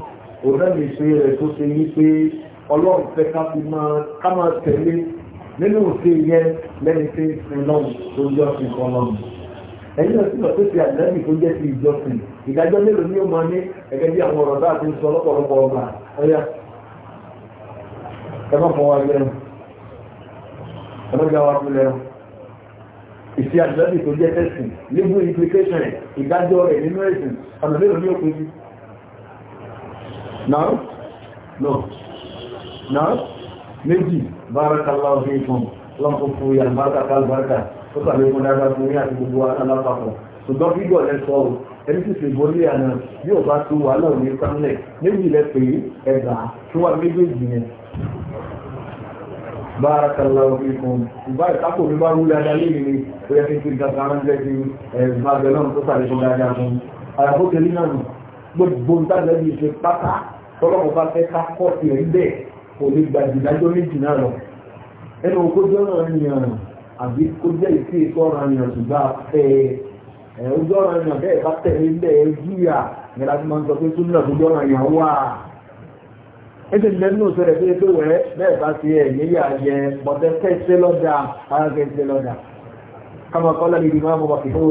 òdàmì ìṣe rẹ̀ tó ṣe yí pé ọlọ́run fẹ́ ká fi máa ká máa tẹ̀lé nínú òṣè yẹn lẹ́ni tí ń sin lọ́run tó ń jọ́sìn kan lọ́run ẹ̀yìn náà sì mọ̀ pé ti ànábì tó jẹ́ ti ìjọsìn ìdájọ́ mélòó ni ó máa ní gẹ́gẹ́ bí àwọn ọ̀rọ̀ bá ti ń sọ lọ́pọ̀lọpọ̀ ọgbà ọ̀yà ẹ má fọ wá lẹ́nu ẹ má gbá wá fún lẹ́nu ìṣe ànábì tó jẹ́ tẹ̀sìn legal implication ìdájọ́ rẹ̀ nínú ẹ̀sìn ọ̀nà mélòó ni ó pin náà lọ náà méjì barakallahu fiikum lọ́pọ̀ fún ìyá báraka kálbáraka ó sàbí fún dáadáa fún ní àti gbogbo alápapọ̀ ṣùgbọ́n bíbọ̀ lẹ́sọ̀ ọ́ ẹni tí ṣe borí àná bí ò bá tó wà náà ní sánlẹ̀ méjì lẹ pé ẹgbà tó ìbá ìtàkùn mi bá wúlẹ̀ adalé mi ni ó yẹ kí n fi gàgà ránṣẹ́ sí ẹ̀ẹ́dẹ́gbàgbẹ́ náà tó sàbí fún dáadáa fún àyàfó kẹlí náà gbogbo ń tàbí pátá tọ́lọ́mù bá fẹ́ ká kọ́ sí ẹ̀ bẹ́ẹ̀ kò lè gba ìdájọ́ méjì náà lọ ẹnu ogójì ọ̀ràn yàn àbí kó jẹ́ ìsí ètò ọ̀ràn yàn ṣùgbọ́n afẹ́ ẹ̀ ojú ọ̀ràn yàn bẹ́ẹ̀ bá tẹ̀lé bẹ́ẹ̀ júyà ìyẹn láti máa ń sọ pé súnmọ́ ojú ọ̀ràn yàn wà ẹ̀sìn lẹ́nu sọ̀rọ̀ pé pé wẹ́ bẹ́ẹ̀ bá ti ẹ̀ níyà jẹ bọ̀tẹ́ kẹ́sẹ́ lọ́dà ara kẹ́sẹ́ lọ́dà kama kọ́lá ní ìdìmọ́ àbúbọ̀ kìtó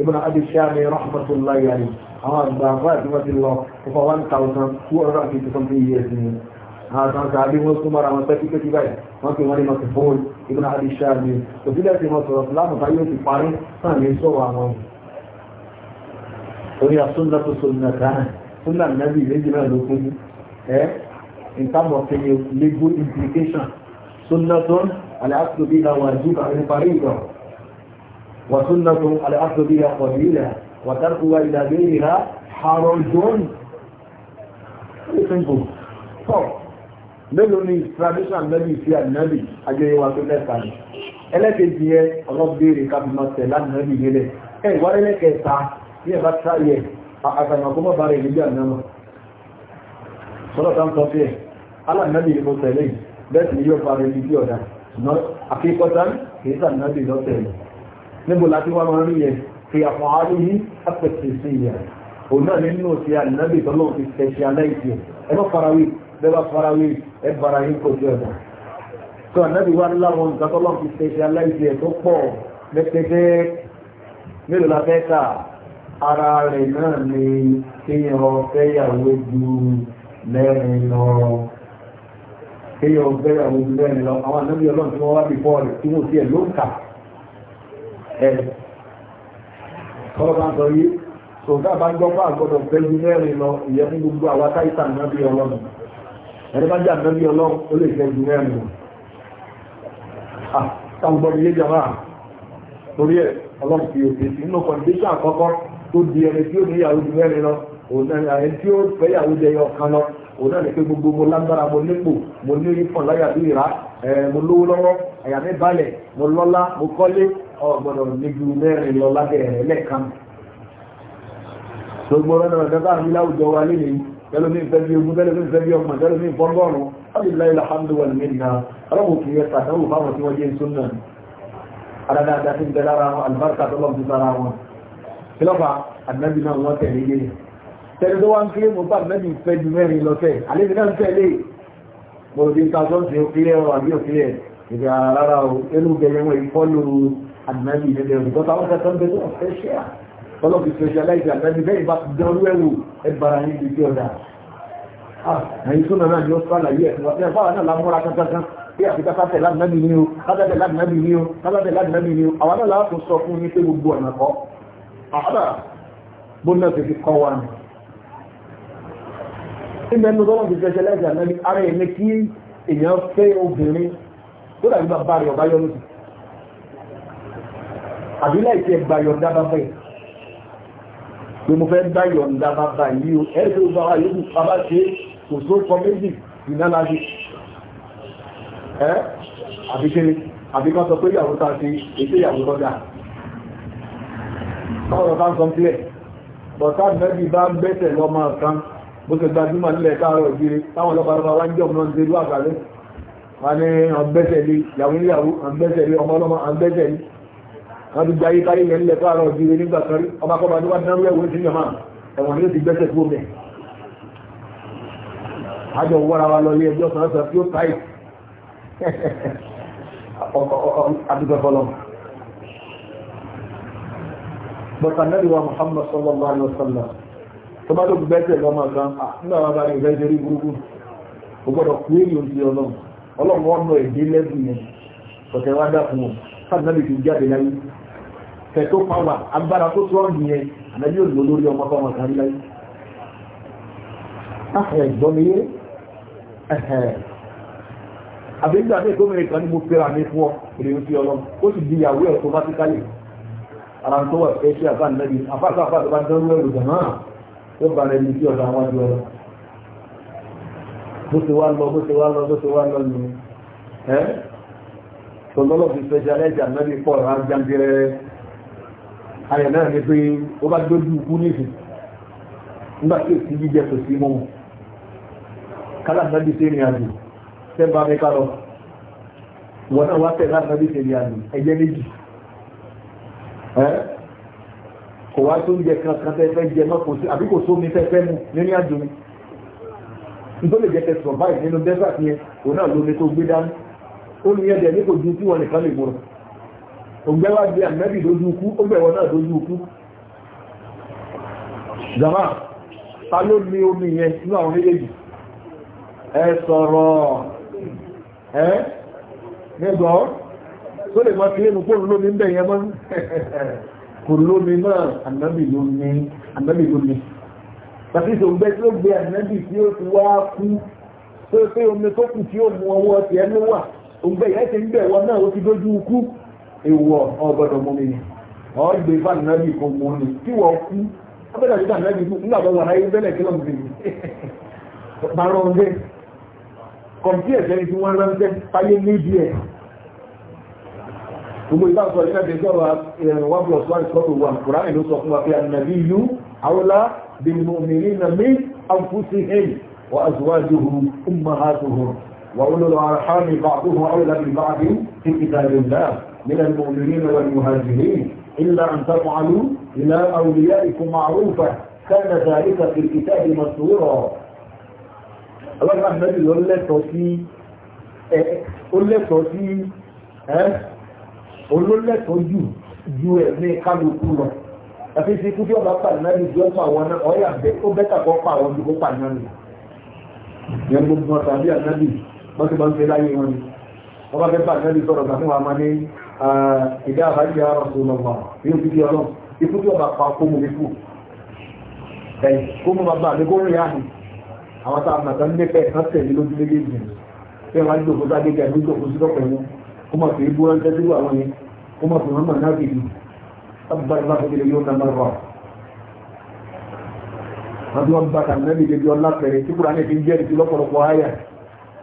ibùdó adìsí àmì rahmatullahi alayhi àwọn àgbà àgbà àti wọ́n ti lọ over 1000, thousand two hundred and fifty something years ni àwọn sàbí wọn súnmọ́ ara wọn tẹ́kí pé kí báyìí wọ́n fi wọ́n ní mọ́sí fún ibùn ni kò sílẹ̀ sí mọ́ sọ̀rọ̀ láàmù báyìí ó ti parí náà ní sọ̀rọ̀ àwọn orí àsúnlá tó sọ nà ká súnlá nàbí méjì náà ló kún in terms of the legal implication Sunnah tu, aláàtò bí na wajib, jù àwọn parí ìgbà sunnah tu, tó aláàtò bí na kọ̀bí ilẹ̀ wà tàbí wà ìdàgbé ìhà simple tọ́ mélòó ni tradition nẹ́bì sí ànẹ́bì ajẹ́yẹwà tó mẹ́ta ni ẹlẹ́kẹ̀ẹ́jì yẹ ọlọ́bẹ̀ẹ́rẹ̀ kábímọ̀ tẹ̀ lánàbì nílẹ̀ ẹ̀ ìwádìí lẹ́kẹ̀ẹ́ta ní ẹ̀bá tráyẹ̀ àtàyànkọ́mọ́ bá rẹ̀ níbi ànẹ́mọ̀ sọ́lọ́ta ń sọ sí ẹ̀ alànàbì ni mo tẹ̀lé bẹ́ẹ̀ sì ni yóò fa rẹ̀ níbi ọ̀dà ṣùgbọ́n àkíkọ́ta kìí sànàbì lọ́tẹ̀lẹ̀ níbo láti wá máa rí yẹ fi àfọ̀hárú yìí àpẹ̀tẹ̀ sí ìyẹn òun náà nínú ti ànábì tọ́lọ́ fi specialize ẹ bá farawé bẹ́ẹ̀ bá farawé ẹ bara yín kò jẹ́ ọ̀dà tó ànábì wá láwọn nǹkan tọ́lọ́ fi specialize ẹ tó pọ̀ lẹ́tẹ̀ẹ́tẹ́ mélòó la fẹ́ kà ara rẹ̀ náà ni kéèyàn fẹ́yàwó ju mẹ́rin lọ kéèyàn fẹ́yàwó ju mẹ́rin lọ àwọn ànábì ọlọ́run tí wọ́n wá tòótá bá ń gbọ́ fún àgbọ̀dọ̀ bẹ́jú mẹ́rin lọ ìyẹn fún gbogbo àwa táìsà nábì ọlọ́run ẹni bá jẹ́ ànábì ọlọ́run ó lè bẹ́jú mẹ́rin lọ. àtàwùgbọ́n ilé jama torí ẹ̀ ọlọ́run fi òkè sí inú kọ̀ǹdíṣà àkọ́kọ́ tó di ẹni tí ó ní ìyàwó kan lọ òun náà ní pé gbogbo mo lágbára mo nípò mo ní ìfọ̀n láyà bí ìrá mo lówó lọ́wọ́ àyà mi balẹ̀ mo lọ́lá mo gbogbo ọ̀rọ̀ náà kẹta àmì láwùjọ wa nílé tẹ́lómi ìfẹ́ bí ogun tẹ́lómi ìfẹ́ bí ọgbọ̀n tẹ́lómi ìfọ́gọ́rùn-ún alìláì alhamdu wal minna ọlọ́wọ́ kì í ẹ̀ta tẹ́wọ́ fáwọn tí ìgbà rárá o elú gẹ̀yẹ́ ìfọ́lù ànábì nílẹ̀ òdìbọ́ta wọn kẹta ń bẹ tó ọ̀fẹ́ ṣẹ́à ọlọ́pì specialize àtàbí bẹ́ẹ̀ bá ti dánrú ẹ̀wò ẹgbàrá ní ibi ọ̀dá àyí tó náà ní ọ́sán àlàyé ẹ̀sùn wá sí ẹ̀fáwà náà lámúra kankan pé àfikà sáfẹ̀ lábìnábì ní o lábẹ́bẹ̀ lábìnábì ní o lábẹ́bẹ̀ lábìnábì ní o àwọn náà láàtún sọ fún ní pé gbogbo ọ̀nà kọ́ àbá bóná ti fi kọ́ wa nù nígbà ẹnu tọ́wọ́n ti specialize àtàbí ara ẹ̀ ní kí èèyàn àbílẹ̀ ìfẹ́ gbàyọ̀ dábàbẹ̀ pé mo fẹ́ dá yọ̀ǹda bàbá yìí o ẹ̀ẹ́dẹ̀ ó bá wà yóò bàbá ṣe kò só kọ méjì ìnálájú ẹ́ àbíkiri àbíkọ́ sọ pé ìyàwó ta ti ètò ìyàwó lọ́dà báwọn bá ń sọ sílẹ̀ bọ̀tá mẹ́bí bá ń bẹ́sẹ̀ lọ́mọ kan bó ṣe gbajúmọ̀ nílẹ̀ káàrọ̀ ìgbére táwọn ọlọ́pàá wá ń jọ mọ́ ṣe lú àgbàlẹ́ wọn ni àgbẹ́sẹ̀ lé ìyàwó ìyàwó àgbẹ́sẹ̀ lé ọmọ ọlọ́mọ àgbẹ́sẹ̀ wọ́n ti gba ayé kárí yẹn lẹ̀ káàrọ̀ òjìrè nígbà kan rí ọba kọba tó bá dánwó ẹ̀wọ̀n sí yàmá ẹ̀wọ̀n ní ti gbẹ́sẹ̀ tó mẹ́ àjọ wọ́ra wa lọ ilé ẹjọ́ kan sọ tí ó táì àdúgbẹ́fọ́lọ́ bọ̀tà nẹ́bí wa Muhammad sallallahu alaihi wasallam tó bá tó gbẹ́sẹ̀ lọ́mọ kan nígbà wa bá ní ìfẹ́ ṣe rí burúkú kò gbọ́dọ̀ kú èyí òsì ọlọ́run ọlọ́run wọn lọ èdè lẹ́bùn pẹ̀tó pàwà agbára tó tọ́ nìyẹn ànábì òdò lórí ọmọ bá wọn kan láyé láti ẹ̀gbọ́n mi yé àbígbà ní ìkómìnì kan ní mo pera mi fún ọ ènìyàn fi ọlọ́run ó sì di ìyàwó ẹ̀ tó bá ti kálẹ̀ ara tó wà fẹ́ sí àbá nẹ́bí àfáàfà àfáà tó bá dánwó ẹ̀rù gàn án tó bá rẹ̀ ní kí ọ̀dà wọn jọ lọ bó ṣe wá lọ bó ṣe wá lọ bó ṣe wá lọ nù ẹ́ tọ́lọ́lọ́ fi fẹ́ sí alẹ́ ìjà nẹ́bí pọ̀ rà jàǹdìrẹ́rẹ́ ayẹ̀ náà ni pé ó bá dójú ikú nísìn nígbà tí èsì jíjẹ kò sí mọ́mọ́ kálá nàbí sí ìrìn àjò tẹ́bà mẹ́ká lọ wọ́n náà wá tẹ̀lá nàbí sí ìrìn àjò ẹgbẹ́ méjì kò wá tó ń jẹ kankan tẹ́fẹ́ jẹ náà kò sí àbí kò sómi tẹ́fẹ́ mú nínú àjò mi nítorí lè jẹ́ tẹ́ survive nínú desert yẹn òun náà lómi tó gbé dání ó ní ẹ̀dẹ̀ ní kò ju tí wọ́n nìkan lè gbọ́rọ̀ ògbẹ́wà bí àmẹ́bì lójú ikú ó bẹ̀wọ̀ náà lójú ikú jama ta ló ní omi yẹn ní àwọn méjèèjì ẹ sọ̀rọ̀ ẹ́ nígbọ́ tó lè máa kílé nùpọ̀ lómi ń bẹ̀ yẹn mọ́ kò lómi náà àmẹ́bì lómi àmẹ́bì lómi tàbí ìṣòǹgbẹ́ tí ó gbé àmẹ́bì tí ó ti wá kú tó pé omi tó kù tí ó mú ọwọ́ ti ẹnu wà òǹgbẹ́ yẹn ti ń bẹ̀wọ̀ náà ó ti dójú ikú ewọ ọgbọ́dọ̀ mú mi ni ọgbẹ fànàbí kan mú ni tí wọ́n kú abẹ́rẹ́ àti fànàbí kú nígbà tó wà láyé bẹ́lẹ̀ kí lọ́mù bèbí bàrọ̀ ọ̀gẹ́ kọ̀m̀tí ẹ̀sẹ̀ ni tí wọ́n ránṣẹ́ táyé níbi ẹ̀ gbogbo ìbá sọ ìṣẹ́ ìṣọ́rọ̀ wà bọ̀ sọ ìṣọ́rọ̀ wà kùránì ló sọ fún wa pé ànàbí yú àwọlá bí mo mìírí na mí àǹfúsí hẹ́yì wà azùwájúhu ummahatuhum wà olóòrò àrùn àmì bàbúhùn àwọlá bí bàbí ti kìtà ìrìnlá من المؤمنين والمهاجرين إلا أن تفعلوا إلى أوليائكم معروفة كان ذلك في الكتاب مسطورا ọlọ́pàá mẹ́rin ló lẹ́tọ̀ sí ẹ̀ olólẹ́tọ̀ sí ẹ́ olólẹ́tọ̀ jù ju ẹ̀mí kálukú lọ àfi sí kú tí ọba pàdé náà ju ọ̀pọ̀ àwọn náà ọ̀yà bẹ́ ó bẹ́tà kọ́ pa àwọn ju kó pàdé náà nù yẹn gbogbo ọ̀tàbí ànábì bọ́sibọ́sí láyé wọn ni wọ́n bá fẹ́ bá àtẹ́lì sọ̀rọ̀ gbàmú wa máa ní ìdá àbájá rọ̀sọ̀lọ́wà yóò fi di ọlọ́run ikú tí ọba pa kó mú mi kú ẹ̀yìn kó mú bàbá mi kó rìn àhìn àwọn tá a màtà ń lé pẹ́ẹ́ kan tẹ̀lé lójú méjèèjì pé wọ́n á gbé òkúta gẹ́gẹ́ àbí gbé òkú sílọ́pọ̀ ẹ̀wọ̀n kó mọ̀ fi ibú ránṣẹ́ sí àwọn yẹn kó mọ̀ fi wọ́n mọ̀ náà kìí sábà ìbá fẹ́ lè yóò náà máa di ọlá pẹ̀rẹ̀ tí kúrò á ní fi ń jẹ́rìí sí lọ́pọ̀lọpọ̀ áyà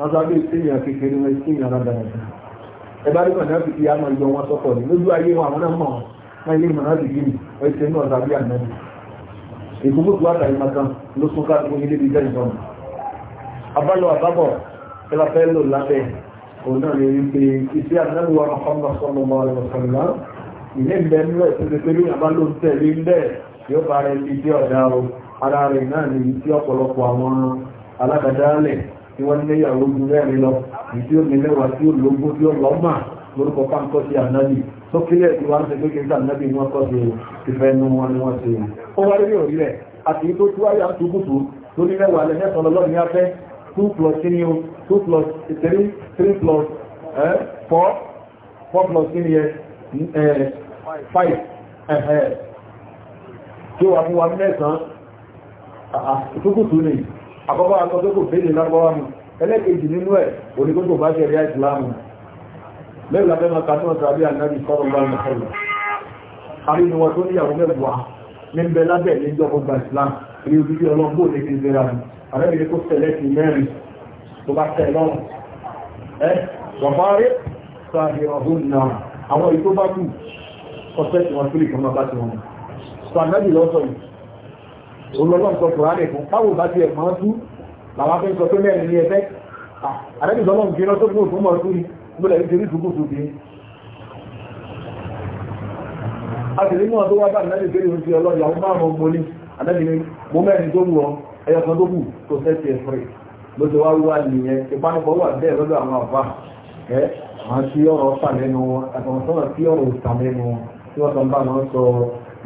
ọjọ́bí ìsìnyàn kékeré wọn ìsìnyàn rádaràdà ẹbá rí mọ̀nà fi fi àmọ́ ìjọ wọn sọ́kọ̀ ní lójú ayé wọn àwọn náà mọ̀ wọn ilé mọ̀nà fi gbìn ọ ìṣe náà tàbí ànábi ìgbógbó tó wà tàbí makan ló sún ká tó ilé bíjẹ́ ìjọ mi abálọ àbábọ̀ ẹlá fẹ́ lò lábẹ́ òun náà lè rí pé iṣẹ́ ànábi wa Muhammad sallallahu alaihi wasallam ilé ń bẹ nínú ẹ̀sìn pé pẹ̀lú àbálò ń tẹ̀lé ń bẹ́ẹ̀ yóò bá rẹ̀ ti dé ọ̀dà o ara rẹ̀ náà ní ti ọ̀pọ̀lọpọ̀ àwọn alágàdálẹ̀ tí wọ́n nílé ìyàwó ju mẹ́rin lọ ìdí omi mẹ́wàá tí ó lógún tí ó lọ mà lórúkọ páńkọ́ sí ànábì tó kílẹ̀ tí wọ́n ń ṣe kékeré sí ànábì wọ́n kọ́ sí ìfẹ́ inú wọn ni wọ́n ṣe ó wá rí òrílẹ̀ àti tó tú àyà tó gùtù tó ní mẹ́wàá lẹ́ plus 3 2 plus 3 3 plus 4 4 plus 3 5 ẹ̀ẹ́ tí ó wà fún wa mẹ́sàn-án tó gùtù àkọ́kọ́ akọ́tọ́ kò fèdè lárúbáwá mu ẹlẹ́kejì nínú ẹ̀ onígbógbò bá ṣẹ̀rí àìsìláàmù lẹ́yìn lábẹ́ máa ka tún àbí ànábì sọ́rọ̀ bá ń sọ́rọ̀ àrí ni wọ́n tó níyàwó mẹ́wàá ní bẹ lábẹ́ ní ìjọba gba islam ní ojú bí ọlọ́gbò ní ti zera mi àrẹ́bì ní kó tẹ̀lé ti mẹ́rin tó bá tẹ̀ lọ́rùn ẹ wàfárí sáàbì ọdún náà àwọn ìtó bá kù ọ̀sẹ̀ tí wọ́n sílì kan máa bá ti wọn sọ ànábì lọ́sọ̀ olọ́lọ́n sọ kùránì fún táwọn bá ti ẹ̀ máa tú làwọn afẹ́ sọ pé mẹ́rin ní ẹfẹ́ àrẹ́bìsọ́lọ́n fi iná tó fún òfin mọ̀ sí gbọ́dọ̀ ní torí tukú tó bí a sì nínú ọdún wá bá nàbì pé ìrìn sí ọlọ́run yàwó máa mọ mọ́lí àdábì ni mo mẹ́rin tó wù ọ ẹyọ kan tó kù tó sẹ́sì ẹ̀ fúrẹ̀ ló ti wá wá nìyẹn ìpánupọ̀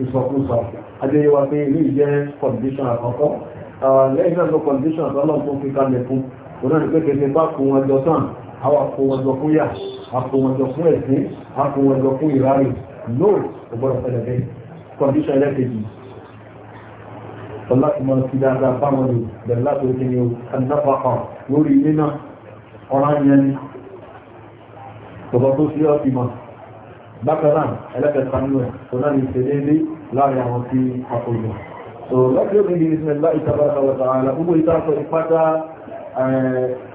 ìsọkúsọ adéyé wa pé ilé ìjẹ́ condition àkọ́kọ́ lẹ́yìn náà condition àtọ́lọ́ tó fi kalẹ̀ fún òun náà ní pé kẹsẹ̀ bá kó wọn jọ tán àwọn àpò wọn jọ fún yà àpò wọn jọ ẹ̀sìn ti máa fi dáadáa báwọn lò bẹ̀rẹ̀ ni anáfàkà lórí ilé náà ọ̀rá yẹn ni bàbá tó fi ọ́ bákan náà ẹlẹ́kẹta nínú ẹ̀ tó náà ní láàrin àwọn tí a kò lò so lọ́pẹ́ òbí ní ìsinmi láì tabaraka wa ta'ala gbogbo ìtàkọ̀ ìpátá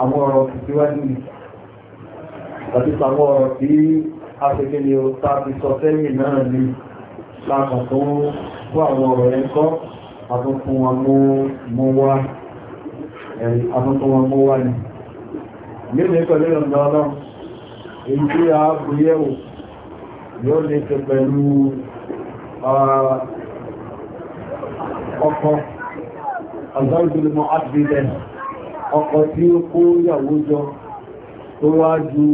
àwọn ọ̀rọ̀ ìsíwájú ni àti àwọn ọ̀rọ̀ tí a ṣe kí ni o ta ti sọ sẹ́yìn náà ni láàkàn tó ń kó àwọn ọ̀rọ̀ ẹ̀ kọ́ àtúntún yóò lè ṣe pẹ̀lú ọkọ̀ azọ́júlùmọ̀ àbílẹ̀ ọkọ̀ tí ó kó yàwó jọ tó wá ju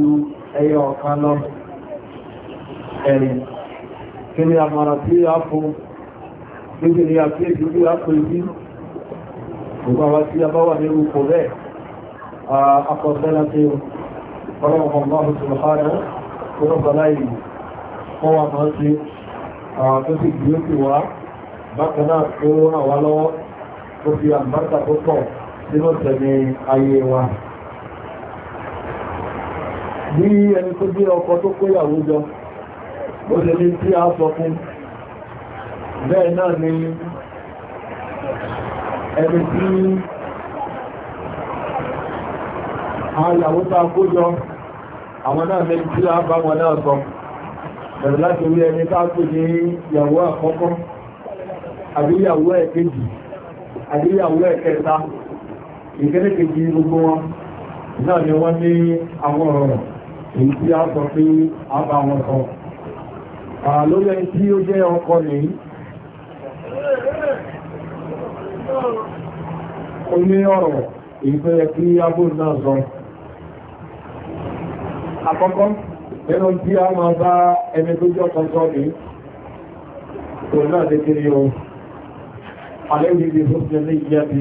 ẹyọ ọ̀kan lọ ẹ̀rìn kí ni àmàrà tí a fún níbi ni a fi èdè orí àpò ìdí gbogbo àwọn tí a bá wà ní orúkọ bẹ́ẹ̀ akọ̀ọ̀fẹ́ láti ọlọ́run ọmọ ọmọ ọmọ ọmọ ọmọ ọmọ kọ́ wa máa ń ṣe àwọn tó sì gbé òkè wá bákan náà tó ràn wá lọ́wọ́ tó fi àmbáta tó pọ̀ sínú tẹ̀lé ayé wa bí ẹni tó bí ọkọ tó kó ìyàwó jọ ó lè ní tí a sọ fún bẹ́ẹ̀ náà ni ẹni tí a ìyàwó ta kó jọ àwọn náà ní tí a bá wọn náà sọ bẹ̀rẹ̀ láti orí ẹni ká tó ní ìyàwó àkọ́kọ́ àbíyàwó ẹ̀kejì àbíyàwó ẹ̀kẹta ìkẹ́lẹ́kejì gbogbo wọn náà ni wọ́n ní àwọn ọ̀rọ̀ èyí tí a sọ pé a bá wọn sọ lórí ẹni tí ó jẹ́ ọkọ nìyí ó ní ọ̀rọ̀ èyí kí abúrú náà sọ àkọ́kọ́ nínú tí a máa bá ẹni tó jọ kan sọ ní kò náà lè kiri o alẹ́gbẹ̀gbẹ̀ tó jẹ́ ní ìyá bí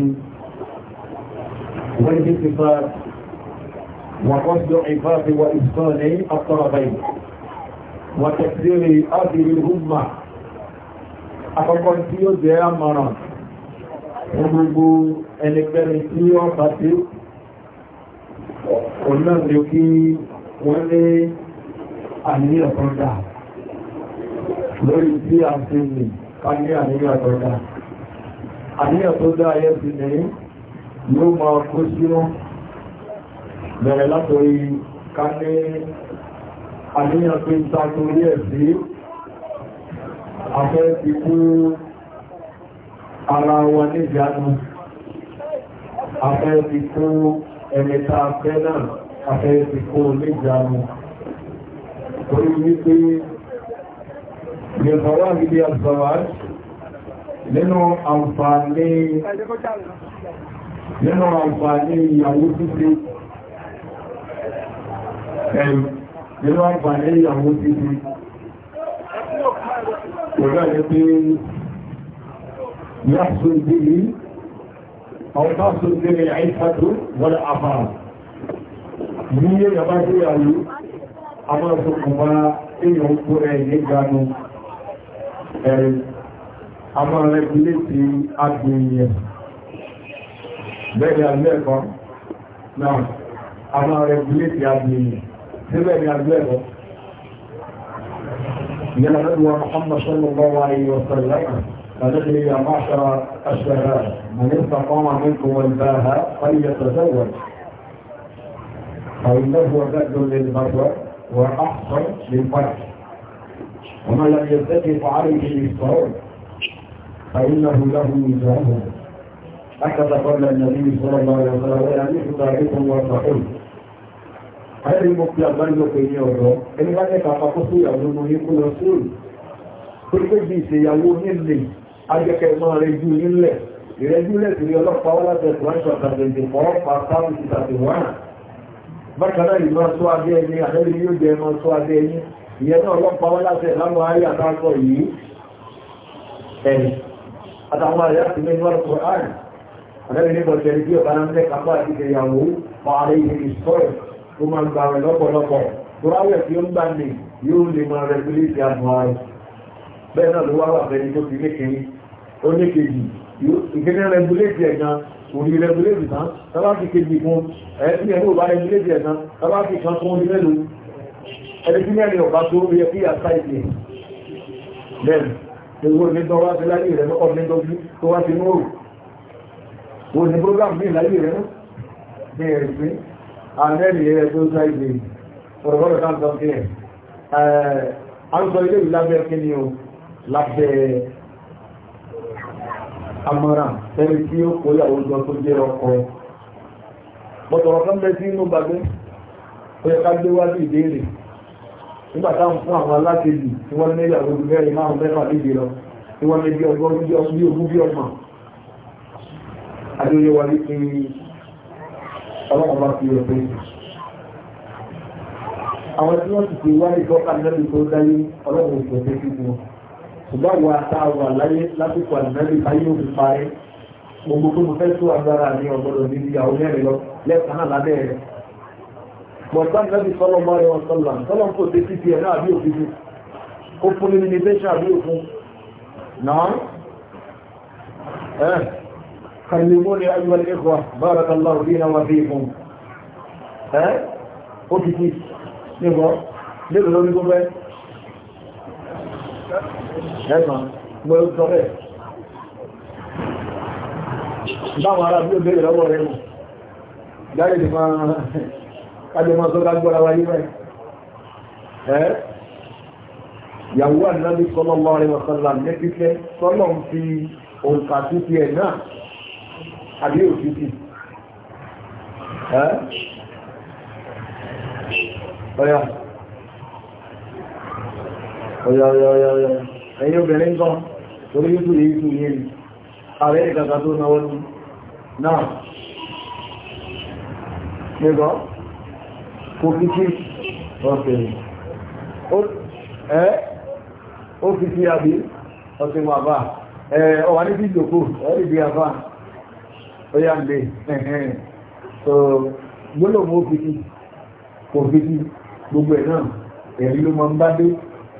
wọ́n ní ti fa wàkọ́sọ́ ìfáàfi wa ìsọ́ ní àtọ́rọ̀bẹ̀ wàtẹ̀sírí ábìrí húnmà akọ́kọ́ tí ó jẹ́ àmọ̀ràn gbogbo ẹnikẹ́ni tí ó bá tí òun náà lè kí wọ́n ní àníyàn tó dá lórí tí a fi ní ká ní àníyàn tó dá àníyàn tó dá ayẹ́ ti ní yóò máa kó sínú bẹ̀rẹ̀ látorí ká ní àníyàn tó ń ta torí ẹ̀ sí afẹ́ ti kú ara wa ní ìjánu afẹ́ ti kú ẹ̀mẹ́ta afẹ́ náà afẹ́ ti kú ní ìjánu torí wípé ìrọ̀wà ìdí àzọ̀wàá nínú àǹfààní nínú àǹfààní ìyàwó títí ẹ̀rù nínú àǹfààní ìyàwó títí pẹ̀lú ẹni pé yàṣù ìdílé àwọn tàṣù ìdílé àìsàtò wọ́n àfàà ní yẹ́ yàbá sí ìyàwó àwọn ọ̀pọ̀pọ̀pá èèyàn kó rẹ̀ nígbàmù ẹ̀rẹ̀ àwọn rẹ̀gúlé ti agbèyẹ bẹ́ẹ̀ àgbẹ́ẹ̀kọ́ náà àwọn rẹ̀gúlé ti agbèyẹ tí bẹ́ẹ̀ àgbẹ́ẹ̀kọ́ يلا ندوى محمد صلى الله عليه وسلم فنحن يا معشر الشباب من استقام منكم الباهة فليتزوج فإنه جد للمرأة وأحصر للفرج ومن لم يستطع فعليه بالصوم فإنه له ميزانه أكد قول النبي صلى الله عليه وسلم يعني تعرفوا وصحوه Àìrí mo fi àgbáyé pé ní ọ̀rọ̀, ẹni bá ní kàpá kó fún ìyàwó mo yí kó lọ sóòrù. Ó pé bí ìṣèyàwó nílé, ajẹ́kẹ́ máa rẹ jú nílẹ̀. Ìrẹ́jú lẹ̀ sí ọlọ́pàá wọ́n láti ẹ̀kọ́ ẹ̀ṣọ́ àtàtẹ̀ẹ̀dẹ̀ fọ́ pa sáàmù ti tàbí wọ́n bákaná ìmọ̀ tó abẹ́ ẹni àlẹ́rí yóò jẹ ẹmọ tó abẹ́ ẹni ìyẹn náà lọ́pàá wọ́n láti ẹ̀lámọ̀ ayé àtàkọ̀ yìí ẹ̀rì àtàwọn àyà ti mẹ́nu ọ̀pọ̀ àrùn àlẹ́rí ní bọ̀tẹ̀ ní bí ọ̀bá ń lẹ́ kápá àti ìyàwó pààrẹ̀ ìyẹn ìsọ̀rọ̀ tó máa ń gba rẹ̀ lọ́pọ̀lọpọ̀ tòráwẹ̀ tí ó ń gbà ní yóò lè máa rẹ̀ bí léṣe òní rẹ̀gúlétì tán tọ́lá ti kejì fún ẹ̀ẹ́sì ẹ̀rọ bá rẹ̀gúlétì ẹ̀sán tọ́lá ti kan fún orí mẹ́lú ẹni tí mẹ́rin ọ̀bá tó rí ẹ̀kí àtàìsì ẹ̀ bẹ́ẹ̀ ewu ní tọ́ wá sí láyé rẹ̀ lọ́kọ̀ ní tọ́jú tó wá sí nóòrù wo ni program ní láyé rẹ̀ ní ẹ̀rì pé àmẹ́rin rẹ̀ tó sáìsì ọ̀rọ̀gọ́rọ̀ káàkiri ẹ̀ à ń sọ ilé ìlábẹ́ kí ni o lábẹ́ àmọ̀ràn ẹni tí ó kó yàwó jọ tó jẹ́ ọkọ bọ̀tọ̀rọ̀ kan bẹ́ sí inú gbàgbé ó yẹ ká gbé wá sí ìbéèrè nígbà táwọn fún àwọn alákejì tí wọ́n ní ìyàwó ju mẹ́rin márùn mẹ́fà níbi lọ tí wọ́n ní bí ọgbọ́n bí ọdún bí ogún bí ọgbọ̀n adóyé wa ní pin ọlọ́run bá fi rẹ̀ pé àwọn tí wọ́n sì ti wá ìtọ́ka nẹ́bí tó dáyé ọlọ́run òṣèlú ṣùgbọ́n wa ta wà láyé lásìkò àdìmẹ́lì káyé ó fi parí gbogbo tó mo fẹ́ tó agbára ní ọ̀gbọ́dọ̀ ní ibi àwọn mẹ́rin lọ lẹ́ẹ̀kan náà lábẹ́ rẹ̀ mọ̀tán nẹ́bí sọ́lọ́ mọ́ ẹ̀wọ̀n sọ́lọ́ ẹ̀mà mọ́ sọ rẹ̀ báwọn ará bí ó bèèrè lọ́wọ́ rẹ̀ mọ̀ jáde ti máa kájẹ máa sọ lágbọ́ra wáyé rẹ̀ ẹ́ yàwó ànábí sọlọ́mọ́ rẹ̀ wọ̀sánlá ní pípẹ́ sọlọ́ fi òǹkà ọ̀yọ̀yọ̀yọ̀ ẹ̀yìn obìnrin gan torí yíkú yìí tún yé ni ààrẹ ìgbàgbà tó náwọ́ ní náà nígbọ́ kò fi kí ọ̀sẹ̀ ẹ́ ó fi kí àbí ọ̀sẹ̀ wà bá ọwà ní ìjòkó ẹ̀rì bí àbá ọyá ń lè ẹ̀hẹ́n gbọ́lọ̀ mọ́ fi kí kò fi kí gbogbo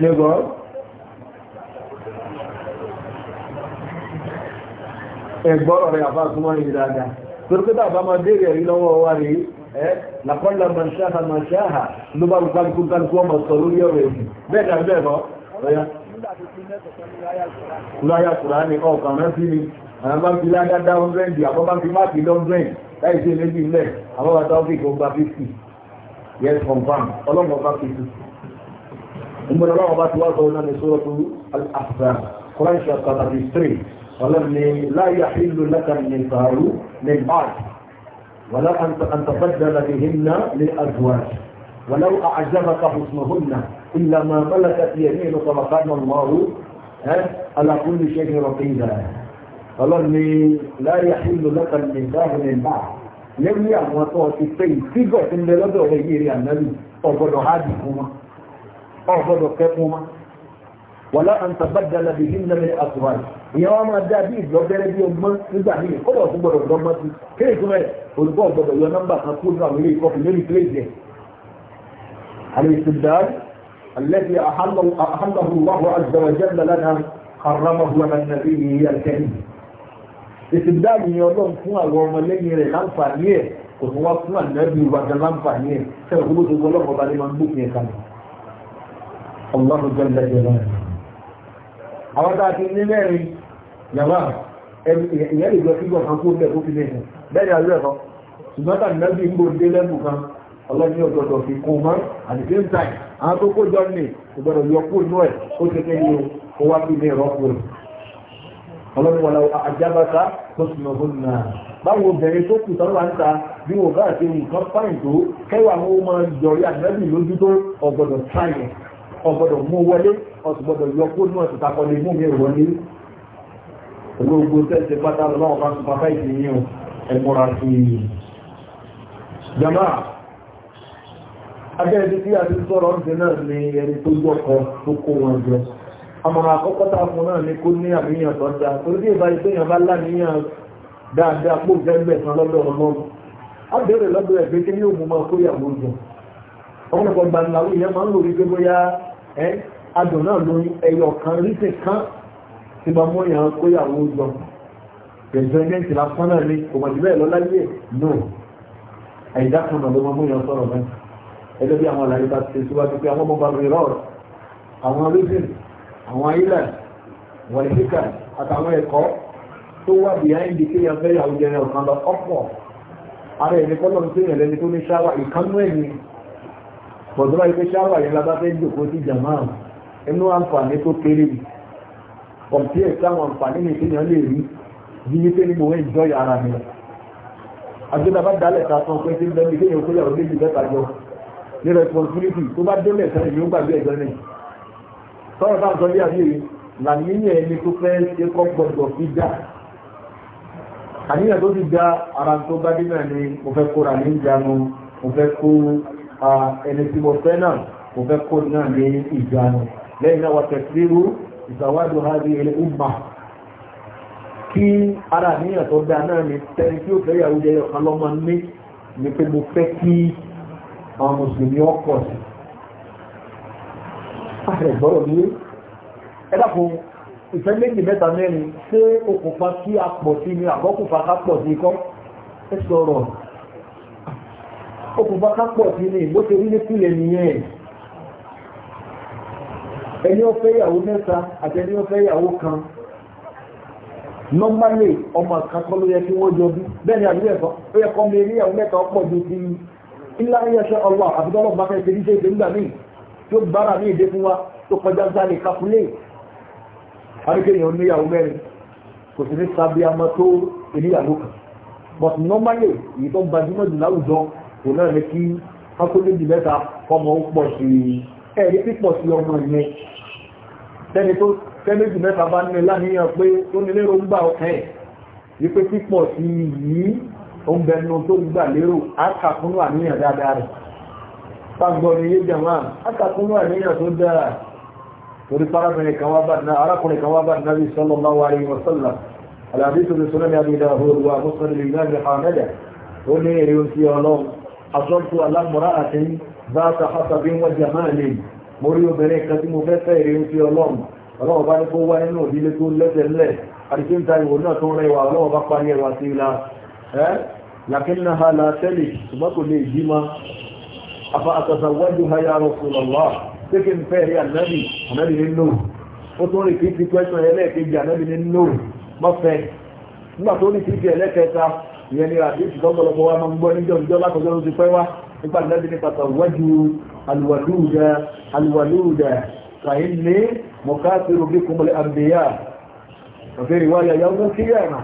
Lagos ẹgbọ́rọ̀ rẹ̀ àfáàsúnmọ́ ní ìdájá torípétà bá máa dé rẹ̀ rí lọ́wọ́ wa rí ẹ́ làkọ́lá mọ̀ṣáhà mọ̀ṣáhà ló bá gbogbo gbogbo ọmọ sọ lórí ọ̀rọ̀ èyí bẹ́ẹ̀ náà bẹ́ẹ̀ lọ lọ́yá lọ́yá kùránì ọ̀kan rẹ̀ sí ni àwọn bá fi ládá dáwọn rẹ̀ǹdì àbọ́ bá fi máàkì lọ́ndrẹ̀ǹ láì sí méjì lẹ̀ àbọ́bá táwọn fi gbogbo fífì yes confam ọlọ́mọ bá ìmọ̀ràn ọlọ́run bá ti wá sọ náà ní sọ́rọ́tù al-ahzab quran chapter thirty three ọlọ́run ní láyà ìlú lẹ́ka ní ìfàrú ní báàd wàlá àǹtàfẹ́dàlà ní hinna ní azuwaj wàlá àjẹmàkà hùsùnùhùnà ìlà máa mẹ́lẹ̀kà ti yẹ̀mí ìlú kọ̀mọ̀kánà mọ́rú alákùnrin ṣe ní rọ̀kìnzà ọlọ́run ní láyà ìlú lẹ́ka ní ìfàrú ní báàd lẹ́rí àwọn tó ti pé ìfígọ̀ tí ń lọ́dọ̀ rẹ̀ yìí rí ọ̀gbọ́dọ̀ kẹ́kún ma wàlá àǹtàbàdàlà bìí nínú ẹ̀rẹ́ àtùwárì ìyẹn wọn máa dá bí ìlọgbẹ́rẹ́ bí ọgbọ́n nígbà míì kọ́dọ̀ tó gbọ́dọ̀ gbọ́n sí kéè tó rẹ̀ olùkọ́ gbọ́dọ̀ yọ nọ́mbà kan kúrò ní àwọn ilé ìkọ́fù lórí pléèdì ẹ̀ àlè ìsìndáàr alẹ́bí àhánàhùnmáhùn àjọwọ̀jẹ́lẹ̀ lánàá kàrámàhùn ànàbí yìí àjẹ́yìn ìsìndáàr yìí ọlọ́run fún àwọn ọmọlẹ́yìn rẹ̀ láǹfààní ẹ̀ kò tún wá fún ànàbí ìwàjà láǹfààní ẹ̀ sẹ́wọ̀n Ọlọ́run jẹ́lẹ̀ jẹ́lẹ̀. Àwọn tàà ti ní mẹ́rin yàmá ìyẹ́ ìjọ sí ọ̀kan kó lẹ̀ kó fi lè hàn. Bẹ́ẹ̀ni àlú ẹ̀kọ́, ṣùgbọ́n tàà nẹ́bí ń gbòdé lẹ́bù kan, ọlọ́ni ọ̀dọ̀dọ̀ fi kó mọ́, at the same time, àwọn tó kó jọ ní ìgbọ̀dọ̀ yọ kó inú ẹ̀ ó ṣe kẹ́ ní Báwo obìnrin tó kù sọ́rọ̀ ń bí wọ́n bá ṣe nǹkan fáìn tó kẹwàá wọn ó máa yọrí lójú tó ọ̀gbọ̀dọ̀ sáyẹn ọgbọ́dọ̀ mú wọlé ọ̀sùgbọ́dọ̀ yọ kó ní ọ̀sùn takọlẹ̀ mú mi wọlé gbogbo tẹ́sẹ̀ pátá lọ́wọ́ bá tún bàbá ìdíyàn ẹ̀mọ́ra sí i jama agẹ́ẹ̀dí tí dáadáa pò gẹ́gbẹ̀ kan lọ́dọ̀ ọlọ́run á bèèrè lọ́dọ̀ ẹ̀ pé ní òun kó ìyàwó jọ ọmọ nìkan gbanilàwó ìyẹn ń lò rí pé bóyá adùn náà ló ẹyọ kan ríṣẹ̀ kan tí ma mọ́ ìyàn kóyàwó jọ pẹ̀sẹ̀ndẹ̀ntì lásán náà ní kò mọ̀jú bẹ́ẹ̀ lọ́lá yẹ̀ no àìdá kan náà ló ma mọ́ ìyàn sọ̀rọ̀ mẹ́ ẹgbẹ́ bí àwọn àlàyé bá ti síwájú pé àwọn ọmọ bá rí rọ́ọ̀rọ̀ àwọn ríṣìn àwọn ilẹ̀ wọ̀lẹ́fíkà àtàwọn ẹ̀kọ́ tó wà bí i ndc yẹn fẹ́ yàwó jẹrẹ ọ̀kan lọ ọ̀pọ̀ ara ẹ̀mí kọ́lọ̀ tó yẹn lẹ́ni tó ní ṣáwà bọ̀dọ́lá ìpé ṣáwà yẹn lábá fẹ́ jòkó sí jamaa inú àǹfààní tó kéré kọ̀mpí ẹ̀ka àwọn àǹfààní ní ìpínlẹ̀ lè rí bí i pé ní mo ń jọ yàrá mi àgbẹ̀dá bá dálẹ̀ ta sọ pé tí ń bẹ́ẹ̀ dá àníyàn tó ti dá ara tó bá dé náà ni mo fẹ́ kóra ní ìjánu mo fẹ́ kó ẹni tí mo fẹ́ náà mo fẹ́ kó náà ní ìjánu lẹ́yìn náà wà tẹ̀síru ìsàwádìí ọ̀hádìí ilé umma kí ara níyàn tó dáa náà ní tẹ́ni tí ó fẹ́ yàwó jẹ́ ọ̀kan lọ́mọ ní ni pé mo fẹ́ kí àwọn mùsùlùmí ọkọ̀ sí. Ààrẹ gbọ́dọ̀ ní ẹ dákun ìfẹ́ méjì mẹ́ta mẹ́rin ṣé okùnfà kí a pọ̀ sí ni àbọ́kùnfà ká pọ̀ sí kọ́ ẹ sọ̀rọ̀ okùnfà ká pọ̀ sí ní bó ṣe rí ní sílẹ̀ nìyẹn ẹni ó fẹ́ ìyàwó mẹ́ta àti ẹni ó fẹ́ ìyàwó kan nọ́mbálì ọmọ àkàkọ́ ló yẹ kí wọ́n jọ bí bẹ́ẹ̀ni àdúgbò ẹ̀kọ́ ó yẹ kọ́ mi ní ìyàwó mẹ́ta ọ̀pọ̀ ju ti ilá ayẹṣẹ́ ọlọ́ àbúdọ́lọ́ bá fẹ́ ṣe ní ṣe ìgbà míì tí ó bára ní èdè fún wa tó kọjá sáré kakulé àríkè èèyàn níyàwó mẹ́rin kò sí ní sábíàmọ́ tó ìníyàwó kan but nọ́mbálì èyí tó gbajúmọ̀ jù láwùjọ kò náà ní kí ọkùnrin mẹ́ta ọmọ ó pọ̀ sí ẹ̀rí pípọ̀ sí ọmọ ìyẹn tẹ́ni tó tẹ́lẹ́jì mẹ́ta bá ní láníyàn pé tó nílé ló ń gbà ọ̀kẹ́ wípé pípọ̀ sí yìí ó ń bẹnu tó ń gbà lérò ákàkúnú àníyàn dáadáa rẹ̀ pàgbọ́n ni yéjà máa ákàkúnú àníyàn tó dára torí parábìnrin kan wá bá náà arákùnrin kan wá bá náà bí sallallahu àṣọ́jú alámọ́ra àti bá tàbí wọ́n jẹ máa lè mórí obìnrin kan tí mo fẹ́ fẹ́ ìrìn fi ọlọ́run ọlọ́run bá ní kó wá nínú ìdílé tó lẹ́sẹ̀ lẹ̀ àti ń ta ìwò náà tó rẹwà ọlọ́run bá parí ẹwà sí ilá ẹ́ làkínà ha la tẹ́lẹ̀ ṣùgbọ́n kò lè yí ma afa àtàtàwájú ha ya Rasulullah tí kí n fẹ́ rí ànábì ànábì ní nù ó tó rí kìí ti pẹ́sàn ẹlẹ́ẹ̀kejì ànábì ní nù mọ́fẹ́ nígbà tó ní kìí ti ẹlẹ́kẹta ìyẹn ni àdéhùn ìtọ́gbọ̀lọpọ̀ wa máa ń gbọ́ níjọ́ ìjọ́ lákọ̀ọ́jọ́ ló ti pẹ́ wá nípa ìlẹ́bí ní pàtàwọ́jú alùwàlúùdà alùwàlúùdà fàyín ní mọ̀káàkiri bí kúmọ̀lẹ̀ àbíyà ọ̀fẹ́ ìwáyà yà mú kí yàrá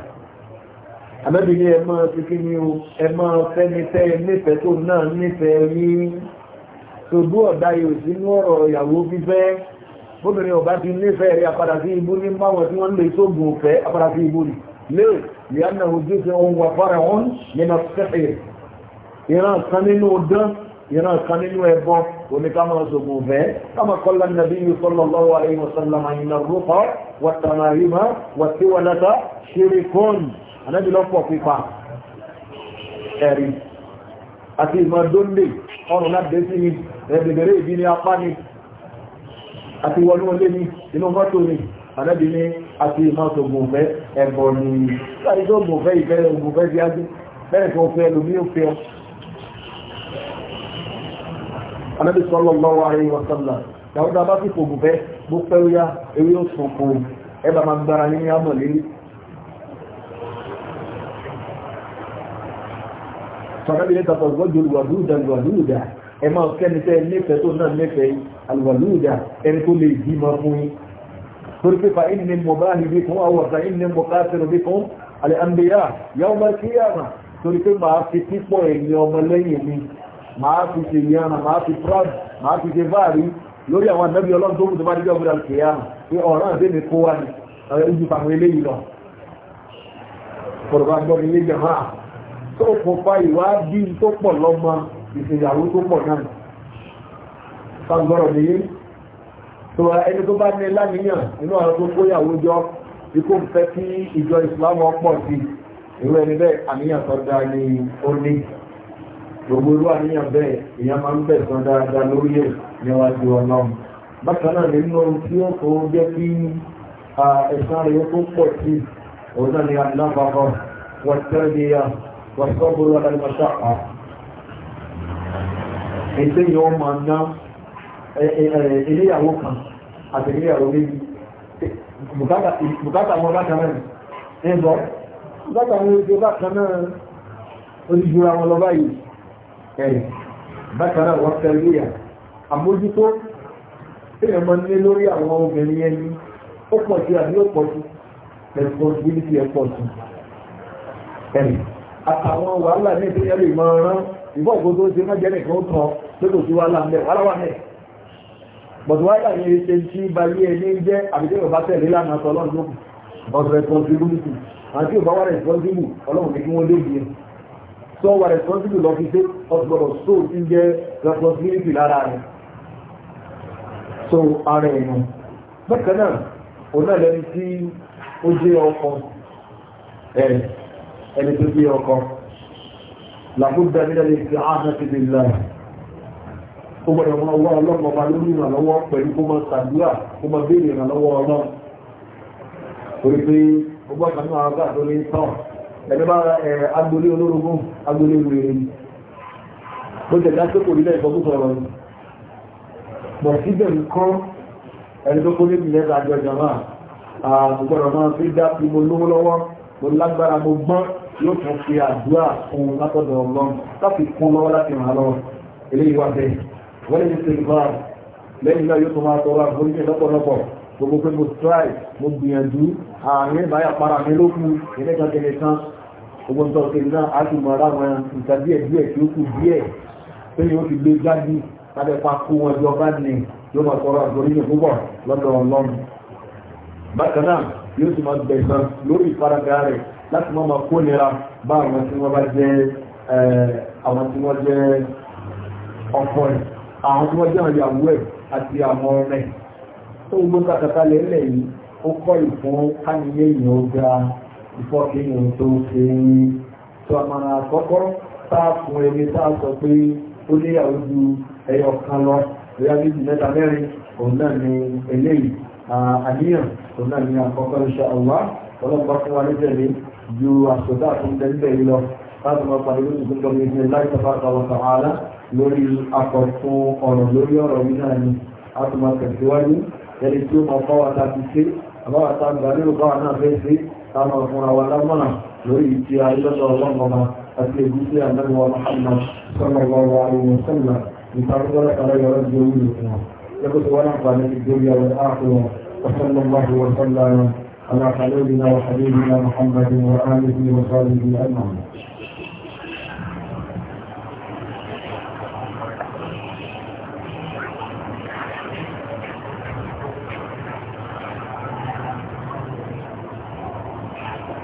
àmẹ́bí ní ẹ máa fi kí ni o ẹ máa fẹ́ ní fẹ́ nífẹ̀ẹ́ tó náà nífẹ̀ẹ́ rí tó ọ̀dá yóò sínú ọ̀rọ̀ ìyàwó fífẹ́ bóbìnrin ọ̀bá ti nífẹ̀ẹ́ rí apàdà sí ibú ní máwọn tí wọ́n lè sógun ọ̀fẹ́ apàdà sí ibú lè لأنه جزء وفرع من السحر ìran kan nínú dán ìran kan nínú ẹbọ omi ká máa ṣògùn ọ̀fẹ́ kama kọ́lá nàbí yìí sallallahu alayhi wa sallam àyìnà rúkọ wàtàmàrímà wàtíwàlátà ṣirikun anábìlọ́pọ̀ pípa ẹ̀rí àti ìmọ̀dóńdè ọrùn láti sí ni ẹ̀bẹ̀bẹ̀rẹ̀ ìbí ni apá ni àti wọnú olé ni inú mọ́tò ni anábìlẹ́ àti ìmọ́tò gbòǹfẹ́ ẹ̀bọ̀ ni láìjọ́ gbòǹfẹ́ ìfẹ́lẹ̀ gbòǹfẹ́ bí á dé bẹ́ẹ̀ tó fẹ́ lómi ó fẹ́ anábì sallallahu alaihi wa sallam dáwọ́dá bá fi fògùnfẹ́ bó pẹ́ ó yá ewé ó sùn kò ẹbà máa gbára ní àmọ̀ lérí sọ̀rọ̀bí ní tàbí ọgbọ́jọ́ alùwàlúùdà alùwàlúùdà ẹ máa kẹ́ni tẹ́ nífẹ̀ẹ́ tó náà nífẹ̀ẹ́ alùwàlúùdà ẹni tó lè bí máa fún yín torí pé fàáyìn ní mo bá níbi kún àwọ̀ fàáyìn ní mo káàkiri bí kún alẹ́mbíyà yàwó máa kí yàmà torí pé máa fi pípọ̀ ẹ̀yìn ọmọ lẹ́yìn mi máa fi ṣe yàmà máa fi proud máa fi ṣe báàrí lórí àwọn ànábì ọlọ́run tó kù tó bá dídí ọgbẹ́dà kì yàmà pé ọ̀ràn àti èmi kó wá ní ojú fàwọn eléyìí lọ pọ̀rọ̀bá gbọ́ mi léyìn máa tó kò fa ìwádìí tó pọ̀ lọ́mọ ìṣèyàwó tó pọ̀ náà tó ẹni tó bá ní láníyàn inú àwọn tó kóyàwó jọ tí kò fẹ́ kí ìjọ ìsìlámù ọ̀pọ̀ sí irú ẹni bẹ́ẹ̀ àníyàn tó dáa ni ó ní gbogbo irú àníyàn bẹ́ẹ̀ èèyàn máa ń bẹ̀ tán dáadáa lórí ẹ̀ níwájú ọlọ́run bákan náà nínú tí ó kó jẹ́ kí ẹ̀sán rẹ̀ tó pọ̀ sí òun náà ni alábàbọ̀ wọ́n tẹ́lẹ̀ wọ́n sọ́gbọ́n lọ́dọ̀ iléyàwó kan àti iléyàwó méjì bùkátà wọn bákan náà ẹ̀bọ̀ bùkátà wọn ojú bákan náà olùjúra wọn lọ báyìí ẹ̀rì bákan náà wọ́n fẹ́ lóyà àmójútó èèyàn mọ́ nílé lórí àwọn obìnrin ẹni ó pọ̀ sí àbí ó pọ̀ sí responsibility ẹ̀ pọ̀ sí ẹ̀rì àtàwọn wàhálà ní ìpínlẹ̀ lè mọ ọ̀rán ìbọ̀ ògbógbó ṣe má jẹ́ nìkan ó tán lókòtí wàhálà ń bẹ̀ wàhálà wà mẹ́ẹ̀ bọ̀tíwáyà ní ẹ̀ṣẹ́ tí bá rí ẹni jẹ́ àbíkẹ́ ọba tẹ̀lé lánàá sọ ọlọ́run lókù ọ̀sọ̀ responsibility àti ọba wà responsible ọlọ́run kí wọ́n lè gbìyàn sọ wà responsible lọ fi ṣe ọ̀sọ̀rọ̀ so ti jẹ́ responsibility lára rẹ̀ so ara ẹ̀yàn bẹ́ẹ̀ náà ọ̀nà lẹ́ni tí ó jẹ́ ọkọ ẹni tó jẹ́ ọkọ làbúdà nílẹ̀ ìfẹ́ ààrẹ ti lè lára ó gbọ́dọ̀ mọ ọwọ́ ọlọ́pàá ọba lórí ìrànlọ́wọ́ pẹ̀lú kó máa ṣàdúrà kó máa béèrè ìrànlọ́wọ́ ọlọ́run torí pé ọgbọ́n kan náà gbà tó lè tán ẹni bá agbolé olórogún agbolé wèrè ni ó tẹ̀lé àtòkò nílẹ̀ ìfọ́kú sọ̀rọ̀ ni bọ̀ síbẹ̀ nǹkan ẹni tó kó lé mi lẹ́ta àjọ jàmá àgbọ̀dọ̀ mo lówó lọ́wọ́ mo lágbára wọ́n lè ṣe ìfọ́n lẹ́yìn náà yóò tó máa tọrọ àforíjì lọ́pọ̀lọpọ̀ gbogbo pé mo try mo gbìyànjú àárín ìbáyà para mi ló kú ìrẹ́gbẹ̀gẹ̀lẹ̀ kan gbogbo ń tọ́kẹ̀ náà á sì mọ̀ ara wọn nǹkan díẹ̀ díẹ̀ tí ó kù díẹ̀ pé yóò ti gbé gbádì lábẹ́ pa kó wọn jọ bá ní yóò máa tọrọ àforíjì púpọ̀ lọ́dọ̀ ọlọ́run bákan náà yóò sì máa gbẹ̀san lórí ìfaradà rẹ̀ láti máa máa kó nira bá àwọn tí wọ́n bá jẹ́ àwọn tí àwọn tí wọ́n jẹ́ ìyàwó ẹ̀ àti àwọn ọ̀rẹ́ tó gbogbo kàkàtà lẹ́lẹ̀ yìí ó kọ́ ìfún káníyé èèyàn ó ga ìfọ́kíyàn tó ṣe é tó àmàrà àkọ́kọ́ táà fún ẹni táà pé ó níyàwó ju ẹyọ kan lọ ìyá méjì mẹ́ta mẹ́rin òun náà ni eléyìí àníyàn òun náà ni àkọ́kọ́ iṣẹ́ ọ̀wá ọlọ́pàá fún wa níjẹ̀lé ju àṣọ̀dá àtúntẹ̀ níbẹ̀ yìí lọ láti máa pàdé lóṣù tó ń lọ ní ilé láì lórí akọ̀tún ọ̀rọ̀ lórí ọ̀rọ̀ wíná ni a tó máa tẹ̀síwájú ẹni tí ó máa bá wa tàbí ṣe àbáwà tá gbà nínú bá wa náà fẹ́ ṣe tá máa fúnra wa lámọ̀nà lórí ìtì ayélujára ọlọ́mọba àti ègúsí àdáwọ̀ Muhammad sallallahu الله وسلم على حبيبنا وحبيبنا محمد وآله وصحبه أجمعين